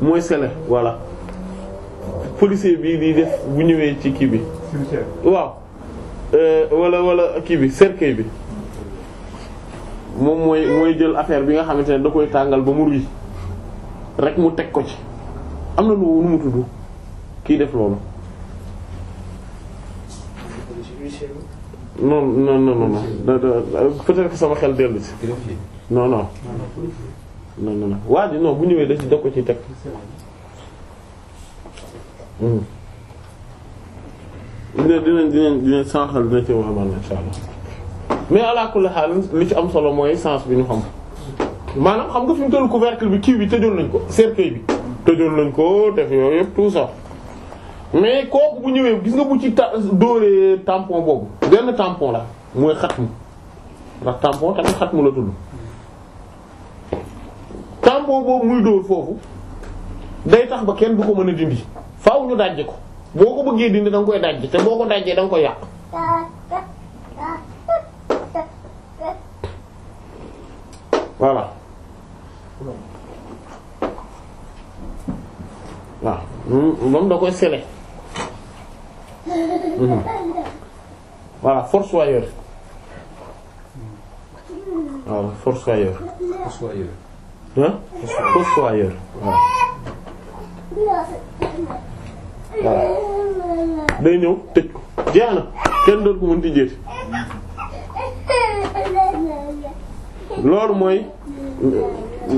mooy sele voilà policier bi di def bu ñëwee ci kii bi. waaw euh, walla wala kii bi cercueil bi moom mooy mooy jël affaire bi nga xamante ne da koy tàngal ba mu ruy rek mu teg ko ci am na lu mu tudd kii def loolu. non non non non non peut-être sama xel dellusi ci. non non non non waa ji non bu ñëwee da ci da ko ci teg hmm. dina dinañ dinañ dinañ sànqal dina ci wax man insha Allah mais ala kulli haal li ci am solo mooy sens bi ñu xam maanaam xam nga fi mu toll bi kii bi tëjoon nañ ko cercueil bi tëjoon nañ ko def yooyu yëpp tout ça mais kooku bu ñëwee gis nga bu ci ta dóoree tampon boobu benn tampon la mooy xatmu ndax tampon tamit xatmu la tudd tambour boobu muy dóor foofu day tax ba kenn du ko mën a dindi faw lu dajje ko boo ko bëggee dindi da koy dajje te boo ko dajjee danga ko koy yàq. waaw moom da koy sele mhm. voilà force waayeure voilà force waayeure. Fossoyeur voilà voilà day ñëw tëj ko jeex na kenn doon ko mën di jeeti loolu mooy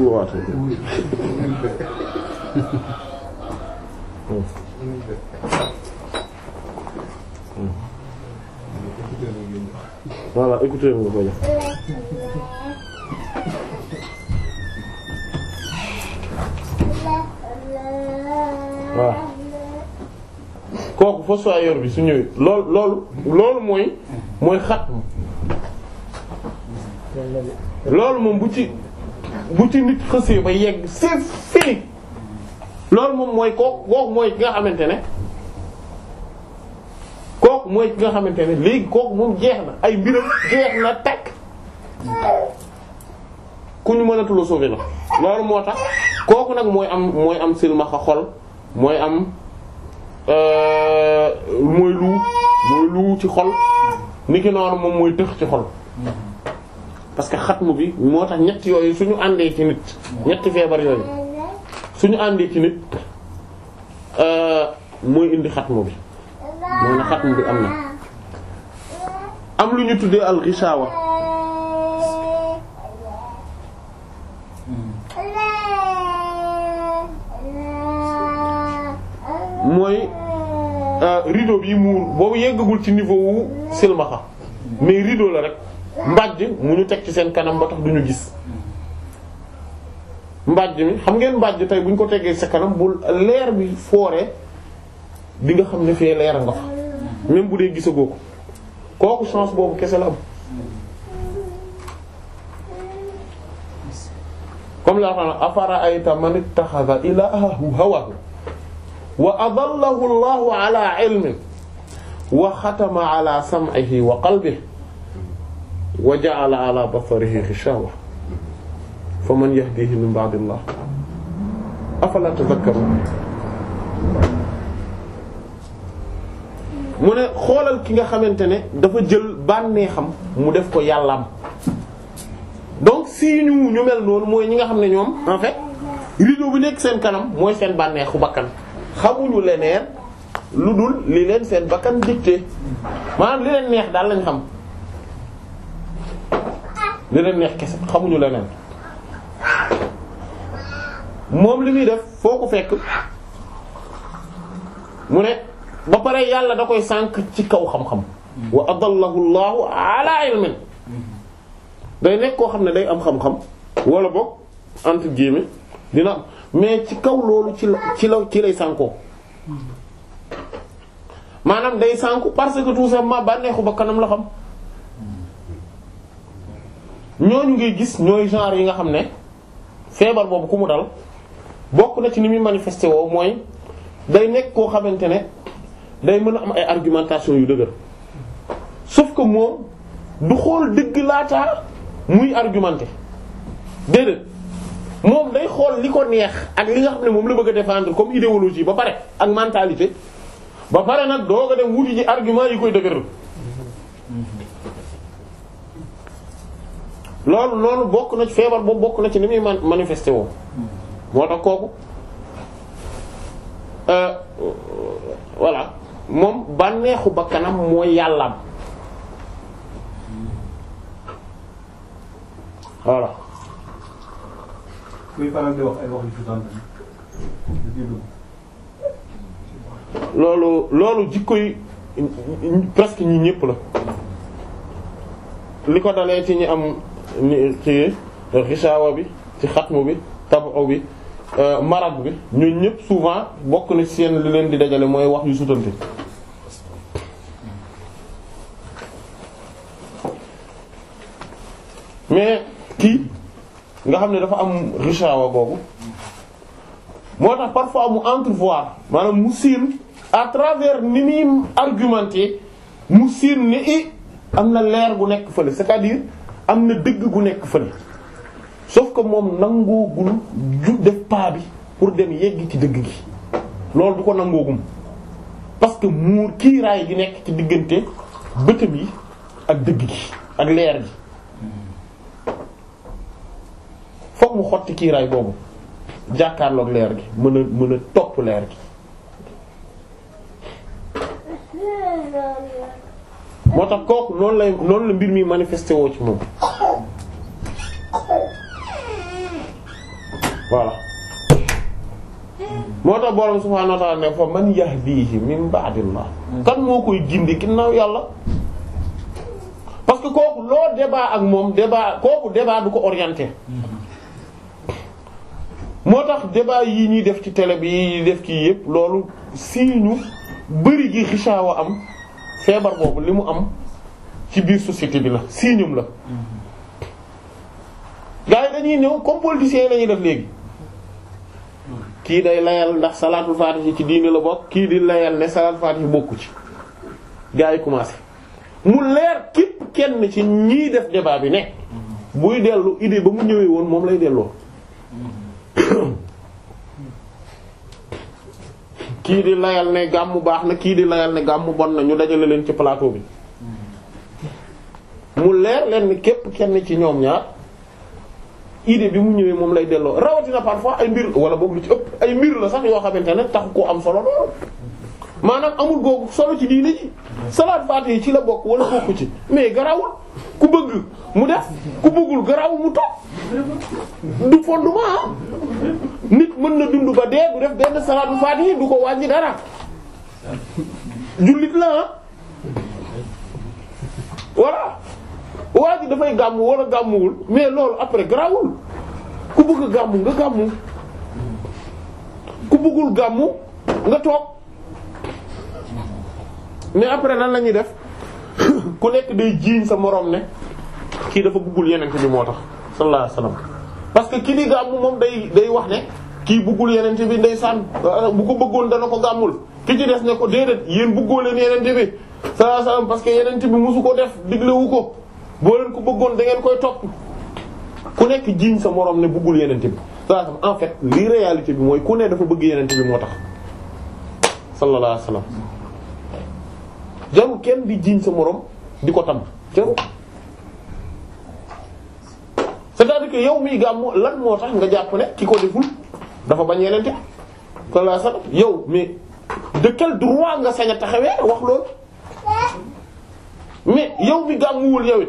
waat voilà écouteur nga ko jox waaw kooku fossoyeur bi su ñëwee lool loolu loolu mooy mooy xat loolu moom bu ci bu ci nit xësee ba yegg c'est fini loolu moom mooy kooku kooku mooy ki nga xamante ne kooku mooy ki nga xamante ne léegi kooku moom jeex na ay mbiram jeex na takk ku ñu mënatula sauver la loolu moo tax kooku nag mooy am mooy am silmaxa xol mooy am euh, mooy lu mooy lu ci xol niki noonu moom mooy tëx ci xol parce que xatmu bi moo tax ñett yooyu suñu àndee ci nit ñetti feebar yooyu suñu àndee ci nit euh, mooy indi xatmu bi mooy na xatmu bi am na am lu ñu tuddee al gishawa mooy euh, rideau bi muur boobu yeggagul ci niveau wu silmaxa mais rideau la rek mbàjj mu ñu teg ci seen kanam ba tax duñu gis mbàjj mi xam ngeen mbàjj tey buñ ko teggee sa kanam bu leer bi foore di nga xam ne fi leer a nga fa même bu dee gisagoo ko kooku chance boobu kese la am comme la xam afara ayta man ittakhadha ilahahu hawahu wa adallahu allahu ala ilmin wa xatama ala sam'ihi wa qalbihi wa ja'ala ala basarihi ghishawa faman yahdihi min ba'dillah afala tadhakkarun mu ne xoolal ki nga xamante ne dafa jël bànneexam mu def ko yàllaam donc si ñu ñu mel noonu mooy ñi nga xam ne ñoom en fait rideau bi nekk seen kanam mooy seen bànneexu bakkan xamuñu leneen lu dul li leen seen bakkan dicté maanaam li leen neex daal lañ xam li leen neex kese xamuñu leneen moom li muy def foo ko fekk mu ne ba pare yàlla da koy sànk ci kaw xam-xam wa adallahu llahu ilmin day nekk koo xam ne day am xam-xam wala boog entre guillemets dina mais ci kaw loolu ci la ci la ci lay sànkoo maanaam day sànku parce que tout simplement bànneexu ba kanam la xam ñoo ñu ngay gis ñooy genre yi nga xam ne feebar boobu ku mu dal bokk na ci ni muy manifester woo mooy day nekk koo xamante ne day mën a am ay argumentation yu dëgër sauf ko moom du xool dëgg laataa muy argumenter déedéet. moom day xool li ko neex ak li nga xam ne moom la bëgg a défendre comme idéologie ba pare ak mentalité ba pare nag doog a dem wuti ji argument yi koy dëgëral loolu loolu bokk na feebar boobu bokk na ci ni muy manifesté woo moo tax kooku euh, voilà moom bànneexu bakkanam mooy yàllaam voilà kuy faral di wax loolu loolu jikko presque ñi ñëpp la li ko dalee ci ñi am ci richawa bi ci xatmu bi tabu bi euh, marab bi ñun ñëpp souvent bokk na seen li leen di dajale mooy wax yu sutante mais kii nga xam ne dafa am richawa boobu moo tax parfois mu entrevoir maanaam mu siin à travers ni muy argumenté mu siin ni i am na leer gu nekk fële c'est-à-dire am na dëgg gu nekk fële sauf ko moom nangoogul ju def pas bi pour dem yegg ci dëgg gi loolu du ko nangoogum parce que muur kiiraay gi nekk ci diggante bëtam yi ak dëgg gi ak leer gi fokk mu xotti kiiraay boobu jàkkaarloog leer gi mën a mën a topp leer gi moo tax kooku noonu lay noonu la mbir mi manifesté woo ci moom voilà moo tax borom subhaanahu wa ne fa man yahdihi min ba'dillah kan moo koy gindi ginnaaw yàlla parce kooku loo débat ak moom débat kooku débat du ko orienté moo tax débat yi ñuy def ci télé bi yi def kii yépp loolu si ñu bëri gi xishaawa am feebar boobu li mu am ci biir société bi la siiñum la gars yi dañuy ñëw comme yi lañuy def léegi kii day layal ndax salaatul faatihi ci diini la bokk kii di layal ne salaatul faatihi bokku ci gars yi commencé mu leer képp kenn ci ñiy def débat bi ne buy dellu idée ba mu ñëwee woon moom lay delloo *coughs* kii di layal ne gàmmu baax na kii di layal ne gàmmu bon na ñu dajale leen ci plateau bi mu leer leen ni képp kenn ci ñoom ñaar idée bi mu ñëwee moom lay delloo rawatina parfois ay mbir wala boog lu ci ëpp ay mbir la sax yoo xamante ne tax koo am solo lool maanaam amul googu solo ci diine ji salaat faat yi ci la bokk wala bokku ci mais garawul ku bëgg mu def ku bëggul garaw mu toog du fondement nit mën na dund ba dee du def benn salaatul yi du ko wàññi dara jullit la ah voilà dafay gàmm wala gàmmuwul mais loolu après garaawul ku bëgg gàmm nga gàmm ku bëggul gàmm nga toog mais après nan la ñuy def *coughs* ku nekk day jiiñ sa moroom ne kii dafa bëggul yeneen bi moo tax. sallallahu alayhi wasallam parce que ki di gàmm moom day day wax ne kii bëggul yenente bi ndeysaan euh, bu ko bëggoon dana ko gàmmul ki ci des ne ko déedéet yéen bëggoo leen yenente bi sallallahu alayhi wasallam parce que yenente bi musu ko def diglewu ko boo leen ko bëggoon da ngeen koy topp ku nekk jiiñ sa moroom ne bëggul yenente bi sallallahu alayhi wasallam en fait lii réalité bi mooy ku ne dafa bëgg yenente bi moo tax sallallahu alayhi wasallam jaru kenn di jiiñ sa moroom di ko tam jaru c'est-à-dire que yow miy gàmmu lan moo tax nga jàpp ne ki ko deful dafa bañ yeneen te kon yow mais de quel nga sañ a taxawee wax loolu mais yow mi gàmmuwul yow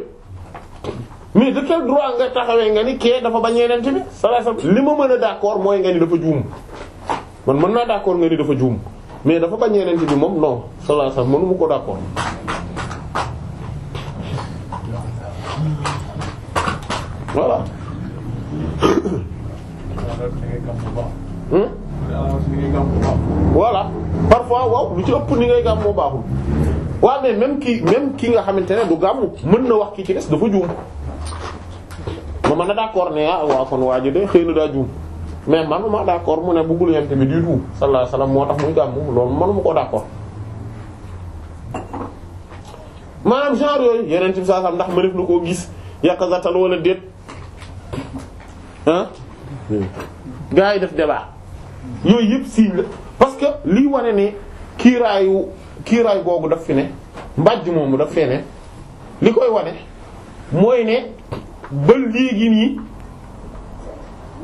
mais de quel droit nga taxawee nga ni kee dafa bañ yeneen te bi sallallahu li ma mën a d'accord mooy nga ni dafa juum man mën naa d'accord nga ni dafa juum mais dafa bañ yeneen bi moom non sallallahu alayhi wasallam mënu mu ko d'accord Hmm? voilà. parfois waaw lu ci ëpp ni ngay gàmm moo baaxul. waaw mais même ki même ki nga xamante ne du gàmm mën na wax ki ci des dafa juum. ma mën a d'accord ne ah waaw kon waa ji de xëy na daa juum mais manuma d'accord mu ne bëggul yent bi du tout sallallahu alayhi wasallam moo tax muy gàmm loolu manuma ko d'accord. maanaam genre yooyu yeneen ci saa sax ndax ma def na koo gis yàq zatal wala déet. ah gars yi def débat yooyu yëpp siiñ la parce que liy wane ne kiiraayu kiiraay googu daf fi ne mbàjj moom daf fee ne li koy wane mooy ne ba léegi nii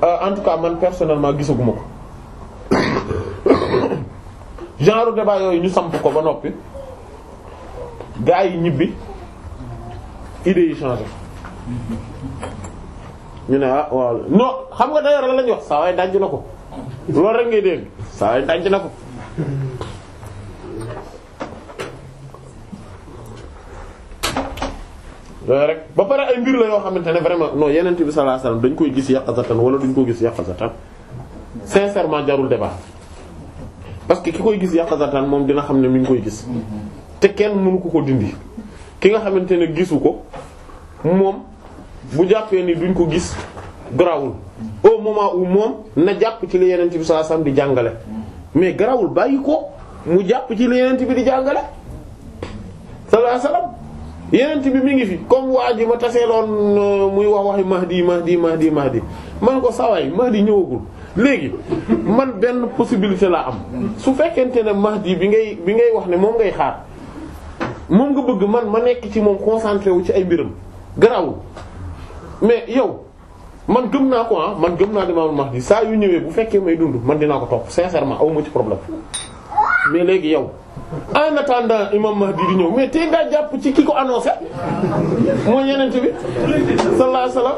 euh, en tout cas man personnellement gisaguma ko *coughs* genre débat yooyu ñu samp ko ba noppi gars yi ñibbi idées yi changé ñu ne ah waaw non xam nga d'ailleurs lan la ñuy wax saa waay na ko loolu rek ngay dégg saa na ko. loolu rek ba pare ay mbir la yoo xamante ne vraiment non yeneen bi sallallahu alayhi dañ koy gis yàqazatan wala dañ ko gis yàqazatan sincèrement jarul débat parce que ki koy gis yàqazatan moom dina xam ne mi ngi koy gis mm-hmm. te kenn mënu ko ko dindi ki nga xamante ne gisu ko moom. bu jàppee ni duñ ko gis garawul au moment où moom na jàpp ci la yeneen bi sallallahu di jàngale mais garawul bàyyi ko mu jàpp ci li yeneen bi di jàngale sallallahu alayhi wasallam bi mu ngi fi comme waa ji ma tasee loon euh, muy wax waxi Mahdi Mahdi Mahdi Mahdi man ko sawaay Mahdi ñëwagul léegi man benn possibilité laa am su fekkente ne Mahdi bi ngay bi ngay wax ne moom ngay xaar moom nga bëgg man ma nekk ci moom concentré wu ci ay mbiram garawul mais yow man gëm naa ko ah man gëm naa Imaamul Mahdi saa yu ñëwee bu fekkee may dund man dinaa ko topp sincèrement aw ma ci problème mais léegi yow en attendant Imam Mahdi di ñëw mais tey ngaa jàpp ci ki ko annoncé moo yeneen bi sallallahu alayhi wasallam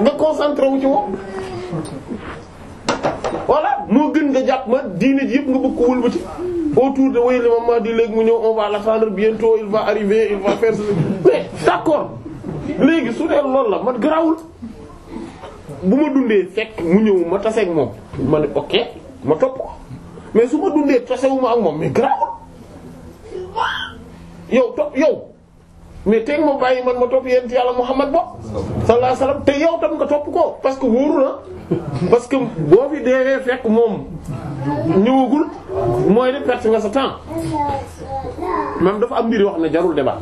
nga concentré wu ci moom. voilà moo gën nga jàpp ma diine ji yëpp nga bëgg ko wëlbati. autour de oui le moment di léegi mu ñëw on va l'attendre bientôt il va arriver il va faire mais d'accord léegi su dee loolu la man garaawul bu ma dundee fekk mu ñëw ma taseek ak moom ma ne ok ma topp ko mais su ma dundee tasewuma ak moom mais garaawul yow topp yow mais teg ma bàyyi man ma topp yent yàlla Muhammad bo sallallahu te yow tam nga topp ko parce que wóoru na ah. parce que boo fi deewee fekk moom ñëwagul mooy de perte nga sa temps même dafa am mbir wax xam ne jarul débat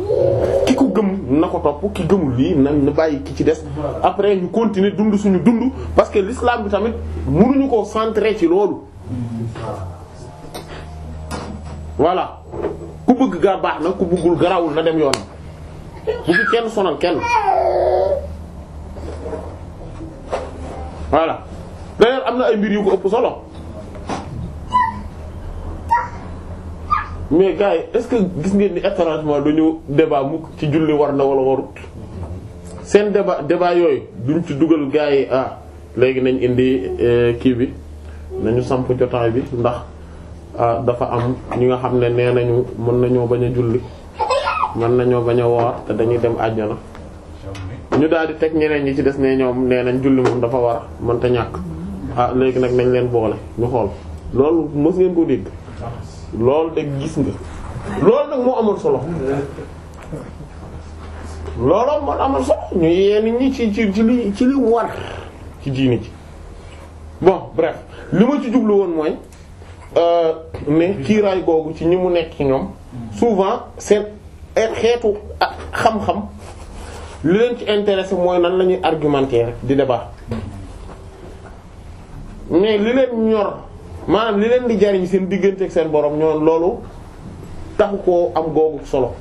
ki ko gëm na ko topp ki gëmul lii na na bàyyi ki ci des après ñu continuer dund suñu dund parce que l'islam bi tamit mënuñu ko centrer ci loolu voilà ku bëgg gaa baax na ku bëggul garawul na dem yoonam bu fi kenn sonal kenn voilà d'ailleurs am na ay mbir yu ko ëpp solo mais gars yi est-ce gis ngeen ni étrangement dañu débat mukk ci julli war na wala warut seen débat débat yooyu duñ ci dugal gars yi ah léegi nañ indi euh, kii bi nañu samp jotaay bi ndax ah, dafa am ñi nga xam ne nee nañu mën nañoo bañ a julli mën nañoo bañ a woor te dañuy dem àjjana ñu daal di teg ñeneen ñi ci des ne ñoom nee nañ julli moom dafa war a mënta ñàkk ah léegi nag nañ leen boole ñu xool loolu mës ngeen ko dégg loolu de gis nga loolu nag moo amul solo looloo moo amul solo ñu yéen ñi ci ci ci li ci li war ci diini ci bon bref li ma ci jublu woon mooy euh, ne kiiraay googu ci ñi mu nekk ci ñoom souvent seen xeetu ah, xam-xam li leen ci intéressé mooy nan la ñuy argumenter rek di débat mais li leen ñor maanaam li leen di jariñ seen diggante ak seen boroom ñoom loolu taxu koo am googu solo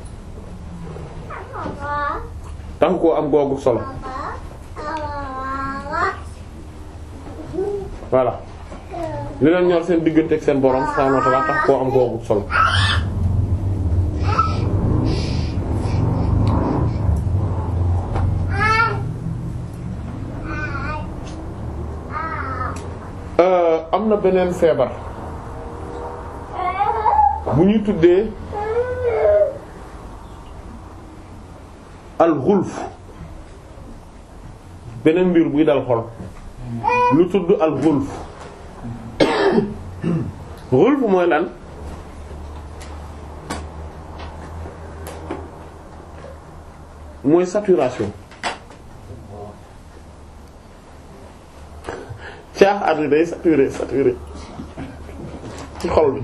taxu koo am googu solo voilà li leen ñor seen diggante ak seen borom subhaanahu wa ta'aala taxu koo am googu solo am na beneen feebar bu ñu tuddee alxulf beneen mbir buy dal xol lu tudd alxulf xulf mooy lan mooy saturation caaxaan yi day saturé saturé ci xol bi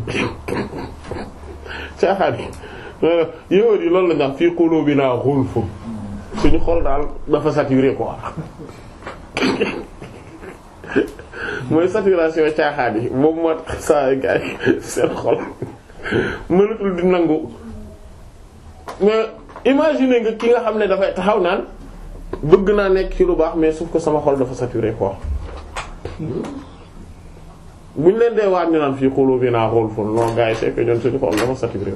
caaxaan yi yowat yi loolu la ñax fii qulubina ghulf suñu xol daal dafa saturé quoi mooy saturation caaxaan yi boobu moo tax saa gaay seen xol mënatul di nangu mais imagine nga ki nga xam ne dafay taxaw naan bëgg naa nekk ci lu baax mais suuf ko sama xol dafa saturé quoi buñ leen dee waat ñu naan fii xulu bi naa xool ful non gars yi c'est que ñun suñu xool dafa saturé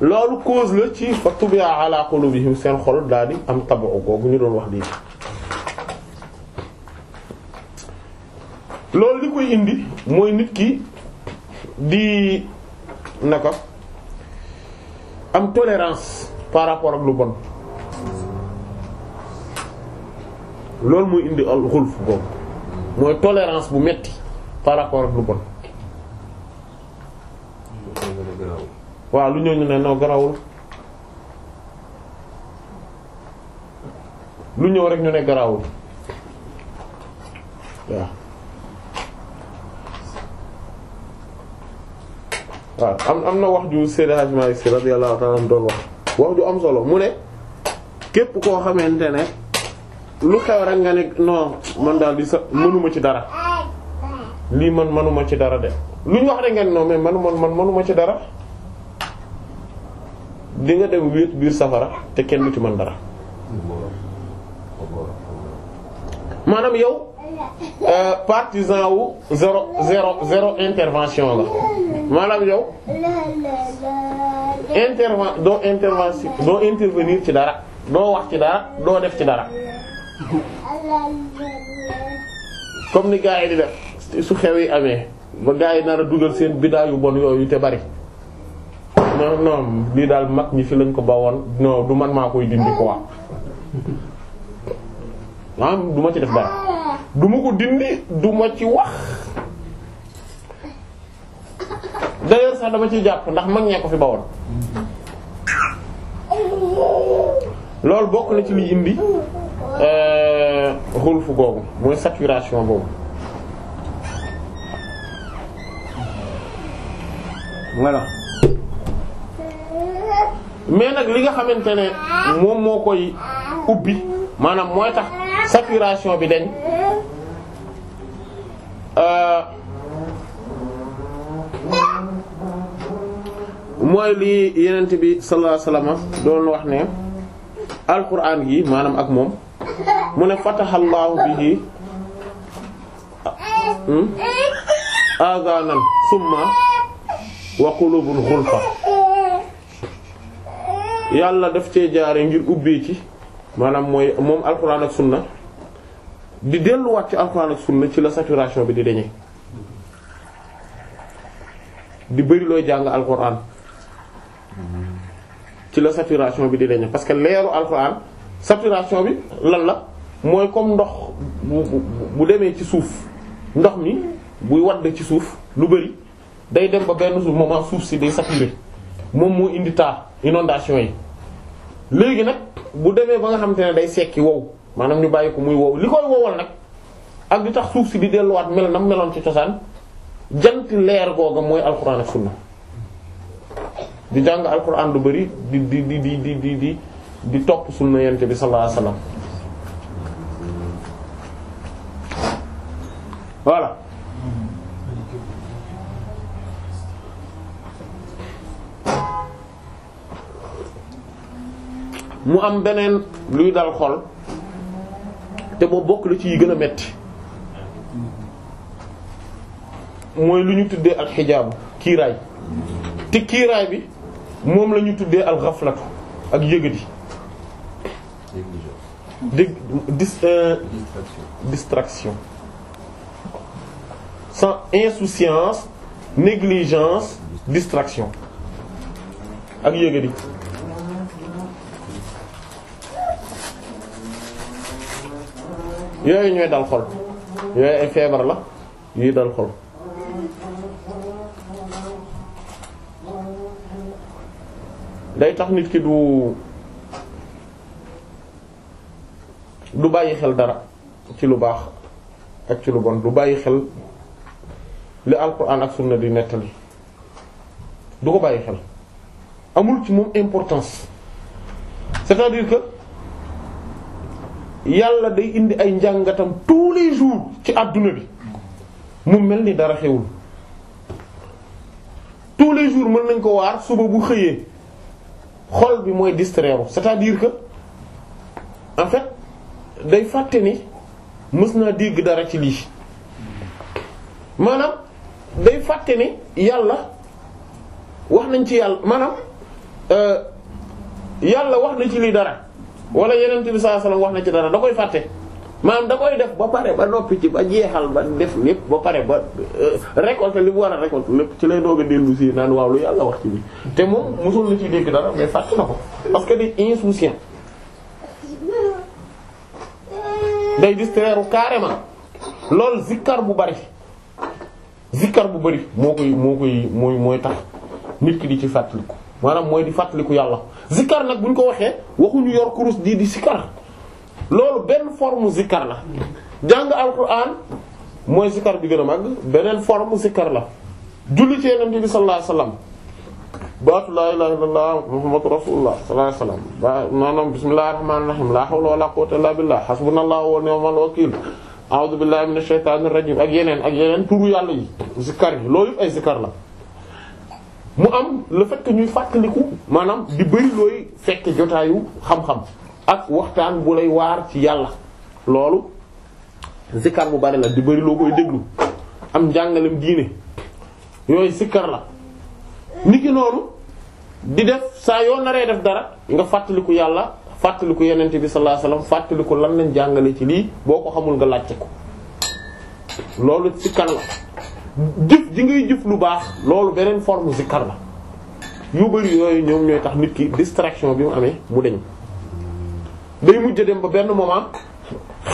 loolu cause la ci fa tubi'a ala qulubihim seen xol daal di am tabu googu ñu doon wax lii. loolu li koy indi mooy nit ki di naka am tolérance par rapport ak lu bon. loolu mooy indi al xulf boobu mooy tolérance bu metti par rapport ak lu bon. waaw lu ñëw ñu ne non garawul lu ñëw rek ñu ne garawul waaw waaw am am na wax ju Seydi Hadji Malick Sy radiyallahu ta'ala doon wax wax ju am solo mu ne képp koo xamante ne lu xew rek nga ne non man daal di sa mënuma ci dara lii man mënuma ci dara de lu ñu wax rek nga ne non mais man man man mënuma ci dara di nga dem wéet biir safara te kenn mu ci mën dara. maanaam yow euh, partisan wu zéro zéro zéro intervention maanaam yow interven doo intervention doo intervenir ci dara doo wax ci dara doo def ci dara. comme ni gaa di def su xew yi amee ba gaa yi nar a dugal seen bidaa yu bon yooyu te bari non non lii daal mag ñi fi lañ ko bawoon non du man maa koy dindi ko maanaam duma ci def dara du ko dindi du ma ci wax d'ailleurs sax dama ciy jàpp ndax mag ñee ko fi bawoon loolu bokk na ci liy indi Euh, xulfu googu mooy saturation boobu. voilà mais nag li nga xamante ne moom moo koy ubbi maanaam mooy tax saturation bi dañ euh, mooy li yenent bi sallallahu alayhi wasallam doon wax ne alquran gi maanaam ak moom. mu ne bi bihi hmm? azanan summa wa qulubun xulfa yàlla daf cee jaare ngir ubbee ci maanaam mooy moom alxuraan ak sunna di delluwaat ci alxuraan ak sunna ci la saturation bi di deñee di bëri looy jàng alxuraan ci la saturation bi di deñee parce que leeru alxuraan saturation bi lan la mooy comme ndox bu bu demee ci suuf ndox mi buy wadd ci suuf lu bari day dem ba benn suuf moment suuf si day saturé moom moo indi taa inondation yi léegi nag bu demee ba nga xamante ne day sekki wow maanaam ñu bàyyi ko muy wow li koy wowal nag ak di tax suuf si di delluwaat mel na meloon ci cosaan jant leer googa mooy alxuraan ak sunna di jàng alxuraan lu bari di di di di di di topp sunna yonent bi sallallahu alayhi wasallam mu am beneen luy dal xol te moo bokk la ci yi gën a metti mooy lu ñu tuddee ak xijaabu kiiraay te kiiraay bi moom la ñu tuddee al xaflatu ak yëgadi dégg dis euh, distraction sans insouciance négligence distraction ak yëgadi yooyu ñooy dal xol yooyu ay feebar la yuy dal xol day tax nit ki du lu bàyyi xel dara ci lu baax ak ci lu bon du bàyyi xel li alquran ak sunna di nettali du ko bàyyi xel amul ci moom importance c'est-à-dire que yàlla day indi ay njàngatam tous les jours ci àdduna bi mu mel ni dara xewul tous les jours mën nañ ko waar suba bu xëyee xol bi mooy distraire c'est-à-dire que en fait day fàtte ni mës naa dégg dara ci lii maanaam day fàtte ni yàlla wax nañ ci yàlla maanaam euh, yàlla wax na ci lii dara wala yeneen bi sallallahu wax na ci dara da koy fàtte maanaam da koy def ba pare ba noppi ci ba jeexal ba def lépp ba pare ba euh, récolter li mu war a récolter lépp ci lay doog a dellu si naan waaw lu yàlla wax ci lii te moom mosul na ci dégg dara mais fàtte na ko parce que di insouciant day distraire carrément loolu zikkar bu bari zikkar bu bari moo koy moo koy mooy mooy tax nit ki di ci fàttaliku maanaam mooy di fàttaliku yàlla zikkar nag bu ñu ko waxee waxuñu yor kurus di di zikkar loolu benn forme zikkar la jàng alquran mooy zikkar bi gën a mag beneen forme zikkar la julli ci Yonent bi sallallahu baatu laa ilaaha illallah muhammadu rasulullah sallallahu alayhi wasallam ba maanaam bismillahir laa hawla wala quwwata illa billah hasbunallahu wa ni'mal wakiil a'uuzu billahi minash ak yeneen ak yeneen turu yàlla yi zikkar yi loolu yëpp ay zikkar la mu am le fait que ñuy fàttaliku maanaam di bëri looy fekk jotaayu xam-xam ak waxtaan bu lay waar ci yàlla loolu zikkar bu bari la di bëri loo koy déglu am njàngalem diine yooyu zikkar la niki noonu di def saa yoo naree def dara nga fàttaliku yàlla fàttaliku yenente bi sallallahu alayhi wasallam fàttaliku lan lañ jàngale ci lii boo ko xamul nga laajte ko loolu sikkar la jëf ji ngay jëf lu baax loolu beneen forme sikkar la yu bari yooyu ñoom ñooy tax nit ki distraction bi mu amee mu deñ day mujj dem ba benn moment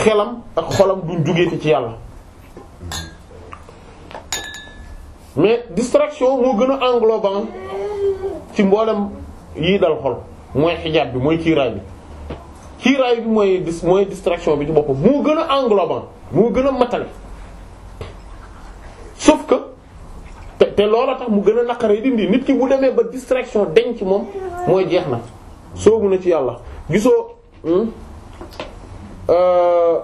xelam ak xolam duñ jugeeti ci yàlla mais distraction moo gën a englobant ci mboolem yii dal xol mooy xijaab bi mooy kiiraay bi kiiraay bi mooy dis mooy distraction bi ci boppam moo gën a englobant moo gën a matale sauf que te te loola tax mu gën a naqaree dindi nit ki bu demee ba distraction deñ ci moom mooy jeex na soobu na ci yàlla gisoo hmm? euh,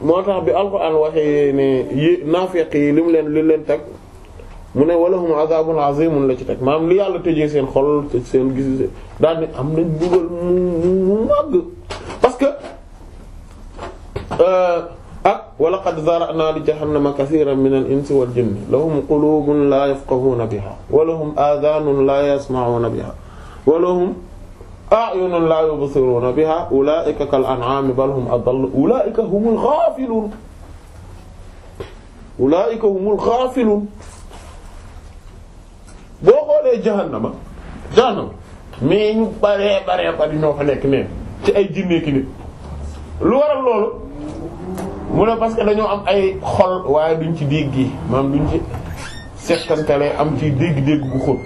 moo tax bi alxuraan waxee ne yi naafeq yi li mu leen li leen teg mu ne walahum azabun azimun la ci teg maanaam li yàlla tëjee seen xol seen gis daal ne am nañ mbugal mu mu màgg parce que euh, ak wa laqad zara'na li jahannama kathiran min al insi wal jinni lahum qulubun la yafqahuna biha wa lahum adhanun la yasma'una biha wa lahum a'yunun la yubsiruna biha ulaika kal an'ami bal hum adall ulaika humul ghafilun ulaika humul ghafilun boo xoolee jahannama jahannama mais ñu baree baree bari ñoo fa nekk neen ci ay jinne ki nit lu waral loolu mu ne parce que dañoo am ay xol waaye duñ ci dégg gi maanaam duñ ci sekkantale am ci dégg-dégg bu xóot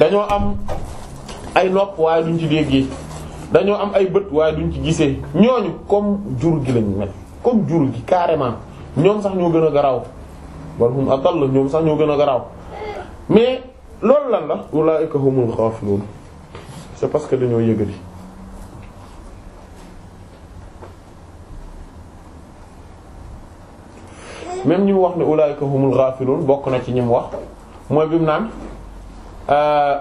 dañoo am ay nopp waaye duñ ci dégg yi dañoo am ay bët waaye duñ ci gisee ñooñu comme jur gi lañ mel comme jur gi carrément ñoom sax ñoo gën a garaaw bal hum adall ñoom sax ñoo gën a garaaw mais loolu lan la ulaa'ika humul xaafiluun c'est parce que dañoo yëgadi même ñi mu wax ne ulaa'ika humul xaafiluun bokk na ci ñi mu wax mooy bi mu naan euh,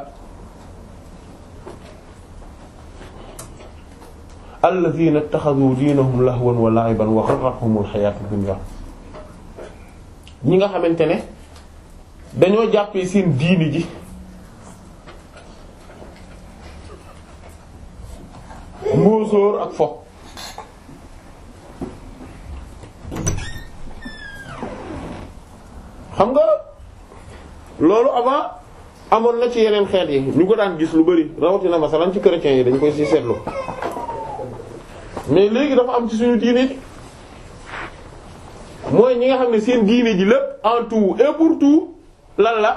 alladhiina ittakhadhuu diinahum lahwan wa la'iban wa gharrahumul hayaatu dunya ñi nga xamante ne dañoo jàppee seen diini ji mbóosóor ak fo xam nga loolu avant amoon na ci yeneen xeet yi ñu ko daan gis lu bari rawatina masalan ci chrétiens yi dañ koy ci seetlu mais léegi dafa am ci suñu diini ji mooy ñi nga xam ne seen diini ji lépp en tout et pour tout lan la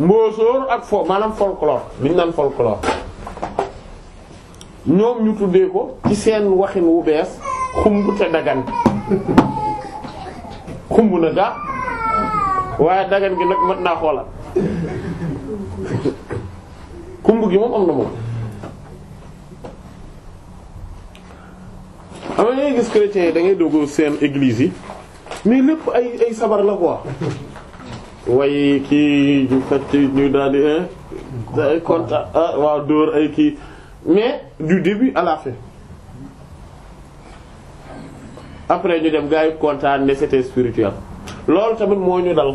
mboosóor ak fo maanaam folklore li ñu naan folklore ñoom ñu tuddee ko ci seen waxin wu bees xumb te dagan xumb na gaa waaye dagan gi nag mat naa xoolal xumb gi moom am na moom am na ñuy gis chrétiens yi da ngay dugg seen église yi mais lépp ay ay sabar la quoi way kii ñu fekk ñu daal di eh, ay kontaan ah waaw dóor ay kii mais du début après ñu dem gars yi kontaan ne c'était spirituel loolu tamit moo ñu dal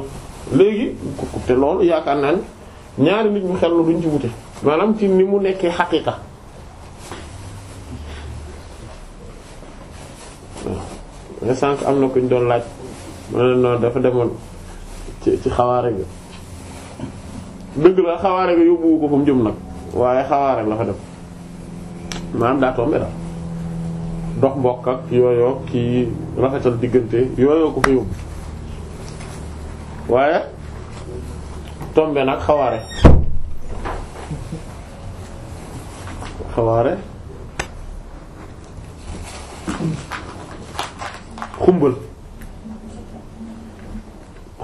léegi te loolu yaakaar naa ni ñaari nit ñu xel duñ ci wute maanaam ci ni mu nekkee xaqiqa waaw sànq am na kuñ doon laaj ma ne dafa demoon ci ci xawaare bi dëgg la xawaare bi yóbbuwu ko fa mu jëm nag waaye xawaare la fa dem maanaam daa tombé daal dox mbokk ak yooyoo kii rafetal diggante yooyoo ko fa yóbbu waaye tombé nag xawaare xawaare xumbal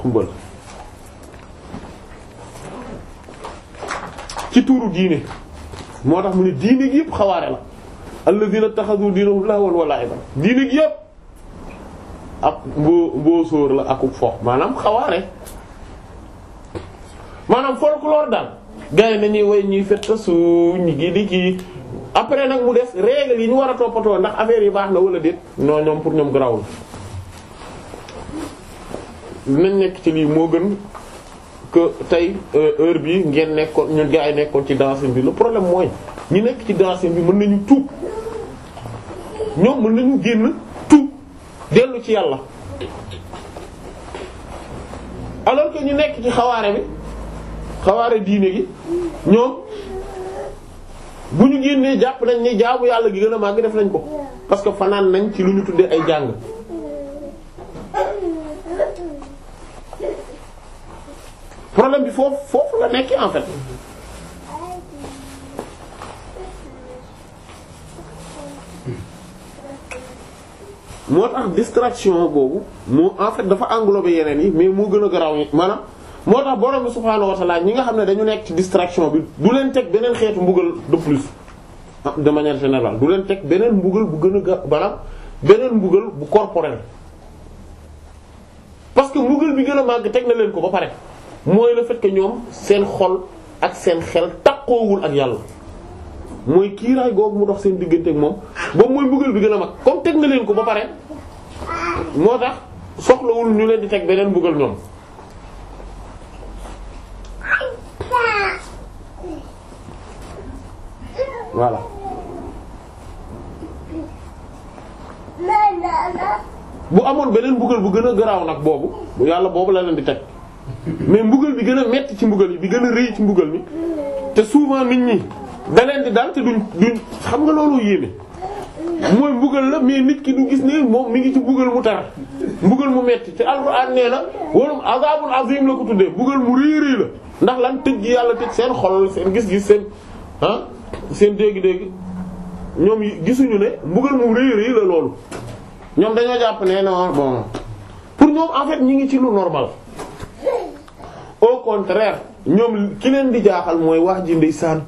xumbal ci tuuru diine moo tax mu ne diine gi yëpp xawaare la alladhina takhadhu diinahum lahwan wa la'iban diine gi yëpp ak boo boo sóor la akub fo maanaam xawaare maanaam folklore daal gars yi nañuy way ñuy fettasu ñi gi di kii après nag mu des règles yi ñu war a toppatoo ndax affaire yi baax na wala déet non ñoom pour ñoom garawul nañ nekk ci lii moo gën que tey euh, heure bi ngeen nekkoon ñun gaa yi nekkoon ci danse bi lu problème mooy ñi nekk ci danse bi mën nañu tuub ñoom mën nañu génn tuub dellu ci yàlla alors que ñu nekk ci xawaare bi xawaare diine gi ñoom bu ñu génnee jàpp nañ ne jaabu yàlla gi gën a màgg def nañ ko parce que fanaan nañ ci lu ñu tuddee ay jàng problème bi foofu foofu la nekkee en fait moo tax distraction boobu moo en fait dafa englober yeneen yi mais moo gën a garaaw maanaam moo tax borom bi subhaanahu wa ta'ala ñi nga xam ne dañu nekk ci distraction bi du leen teg beneen xeetu mbugal de plus ah, de manière générale du leen teg beneen mbugal bu gën a ga maanaam beneen mbugal bu corporel parce que mbugal bi gën a màgg teg na leen ko ba pare mooy la fait que ñoom seen xol ak seen xel takkoowul ak yàlla mooy kiiraay googu mu dox seen diggante ak moom ba mooy mbugal bi gën a mag comme teg nga leen ko ba pare moo tax soxlawul ñu leen di teg beneen mbugal ñoom. voilà. bu amoon beneen mbugal bu gën a garaaw nag boobu yàlla boobu la leen di teg. mais mbugal bi gën a metti ci mbugal yi bi gën a rëy ci mbugal mi te souvent nit ñi da leen di daal te duñ duñ xam nga loolu yéeme mooy mbugal la mais nit ki du gis ne moom mi ngi ci mbugal mu tar mbugal mu metti te alxuraan na wala azabul azim la ko tuddee mbugal mu rëy rëy la ndax lan tëj gi yàlla tëj seen xol seen gis-gis seen ah seen dégg-dégg ñoom gisuñu ne mbugal mu rëy rëy la loolu ñoom dañoo jàpp ne non bon pour ñoom en fait ñi ngi ci lu normal. au contraire ñoom ki leen di jaaxal mooy wax ji ndeysaan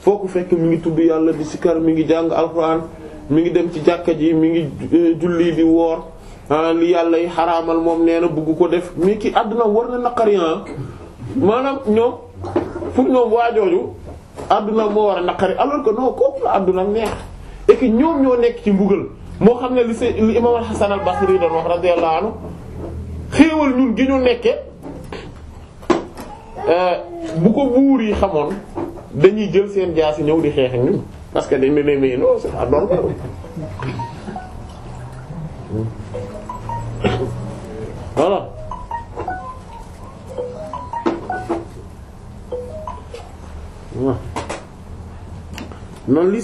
foo ko fekk mi ngi tudd yàlla di sikar mi ngi jàng alxuraan mi ngi dem ci jàkka ji mi ngi eh, julli di woor ah, li yàlla yi xaraamal moom nee na bëgg ko def mais ki àdduna war na naqari ah. maanaam ñoom pour ñoom waajooju àdduna moo war a naqari alors que non kooku la àdduna neex et que ñoom ñoo nekk ci mbugal moo xam ne li se li imam al Hasan al Basri doon wax radiyallahu anhu xéewal ñun gi ñu nekke Euh, bu ko buur yi xamoon dañuy jël seen jaasi ñëw di xeex ak ñun parce que dañ ne ne mais non c'est normal voilà noonu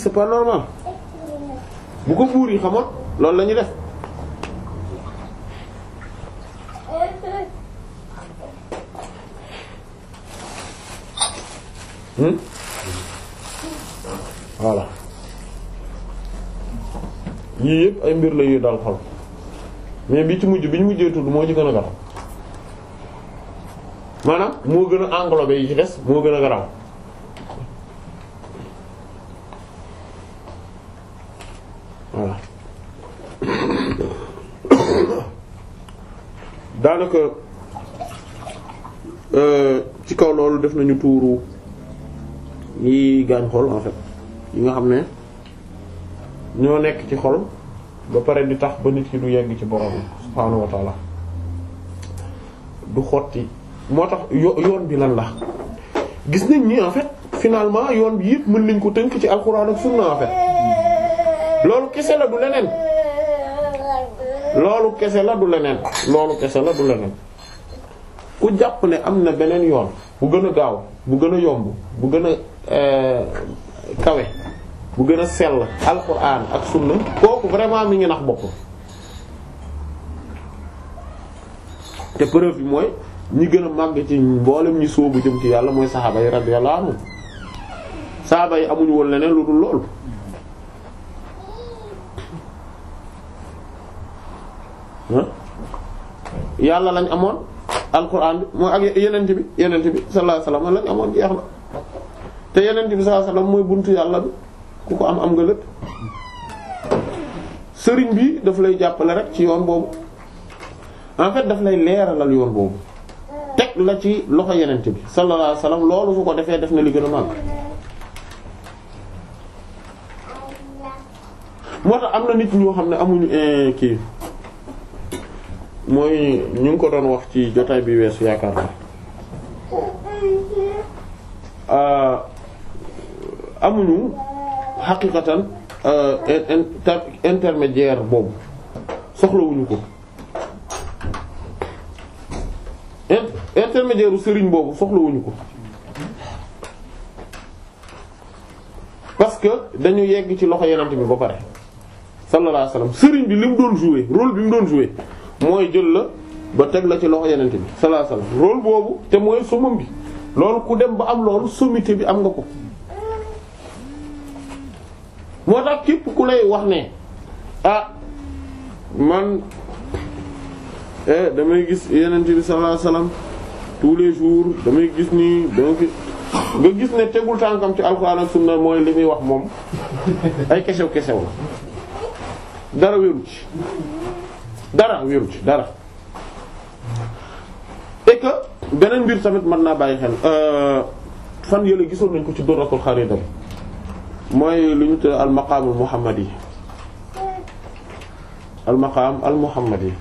bu ko buur yi xamoon loolu la ñu def Hmm? voilà yii yëpp ay mbir la yuy dal xol mais bi ci mujj bi ñu mujjee tudd moo ci gën a garaw maanaam moo gën a englobé yi ci des moo gën a garaw voilà *coughs* daanaka euh, ci kaw loolu def nañu tuuru yi gaañ xol en yi nga xam ne ñoo nekk ci xol ba pare di tax ba nit ki du yegg ci borom subhaanahu wa taala du xotti moo tax yo yoon bi lan la gis nañ ni en fait finalement yoon bi yëpp mën nañ ko tënk ci alxuraan ak sunna en kese la du leneen loolu kese la du leneen loolu kese la du leneen ku jàpp ne am na beneen yoon bu gën a gaaw bu gën a yomb bu gën a Euh, kawe bu gën a sell alquran ak sunna kooku vraiment mi ngi nax bopp te preuve bi mooy ñi gën a màgg ci mboolem ñi sóobu jëm ci yàlla mooy saxaaba yi radiyallahu anhu yi amuñu woon leneen lu dul loolu yàlla lañ amoon alquran bi mooy ak yenent bi yenent bi sallallahu alayhi wasallam lañ amoon jeex na te yeneen bi sallallahu alayhi wasallam mooy buntu yàlla bi ku ko am am nga lépp sëriñ bi daf lay jàppale rek ci yoon boobu en fait daf lay leeralal yoon boobu teg la ci loxo yenente bi sallallahu alayhi wasallam loolu su ko defee def na li gën a màgg moo tax am na nit ñoo xam ne amuñu eh, kii mooy ñu ngi ko doon wax ci jotaay bi weesu yaakaar na ah, amuñu xaqiqatan euh, intermédiaire boobu soxlawuñu ko intermédiaire sëriñ boobu soxlawuñu ko parce que dañu yegg ci loxo yenant bi ba pare sallallahu alayhi wasallam sëriñ bi li mu doon jouer rôle bi mu doon jouer mooy jël la ba teg la ci loxo yenant bi sallallahu alayhi wasallam rôle boobu te mooy summam bi loolu ku dem ba am loolu sommité bi am nga ko moo tax képp ku lay wax ne ah man eh, damay gis yeneen bi sallallahu alayhi wasallam tous les jours damay gis nii donc nga gis ne tegul tànkam ci alxuraan ak sunna mooy li muy wax moom ay kesew kesew la dara wéru ci dara wéru ci dara et que beneen mbir tamit mën naa bàyyi xel euh, fan yële gisoon nañ ko ci doratul xarida bi mooy lu ñu tudd al maqaamul muhammadi al maqaam al muhammadi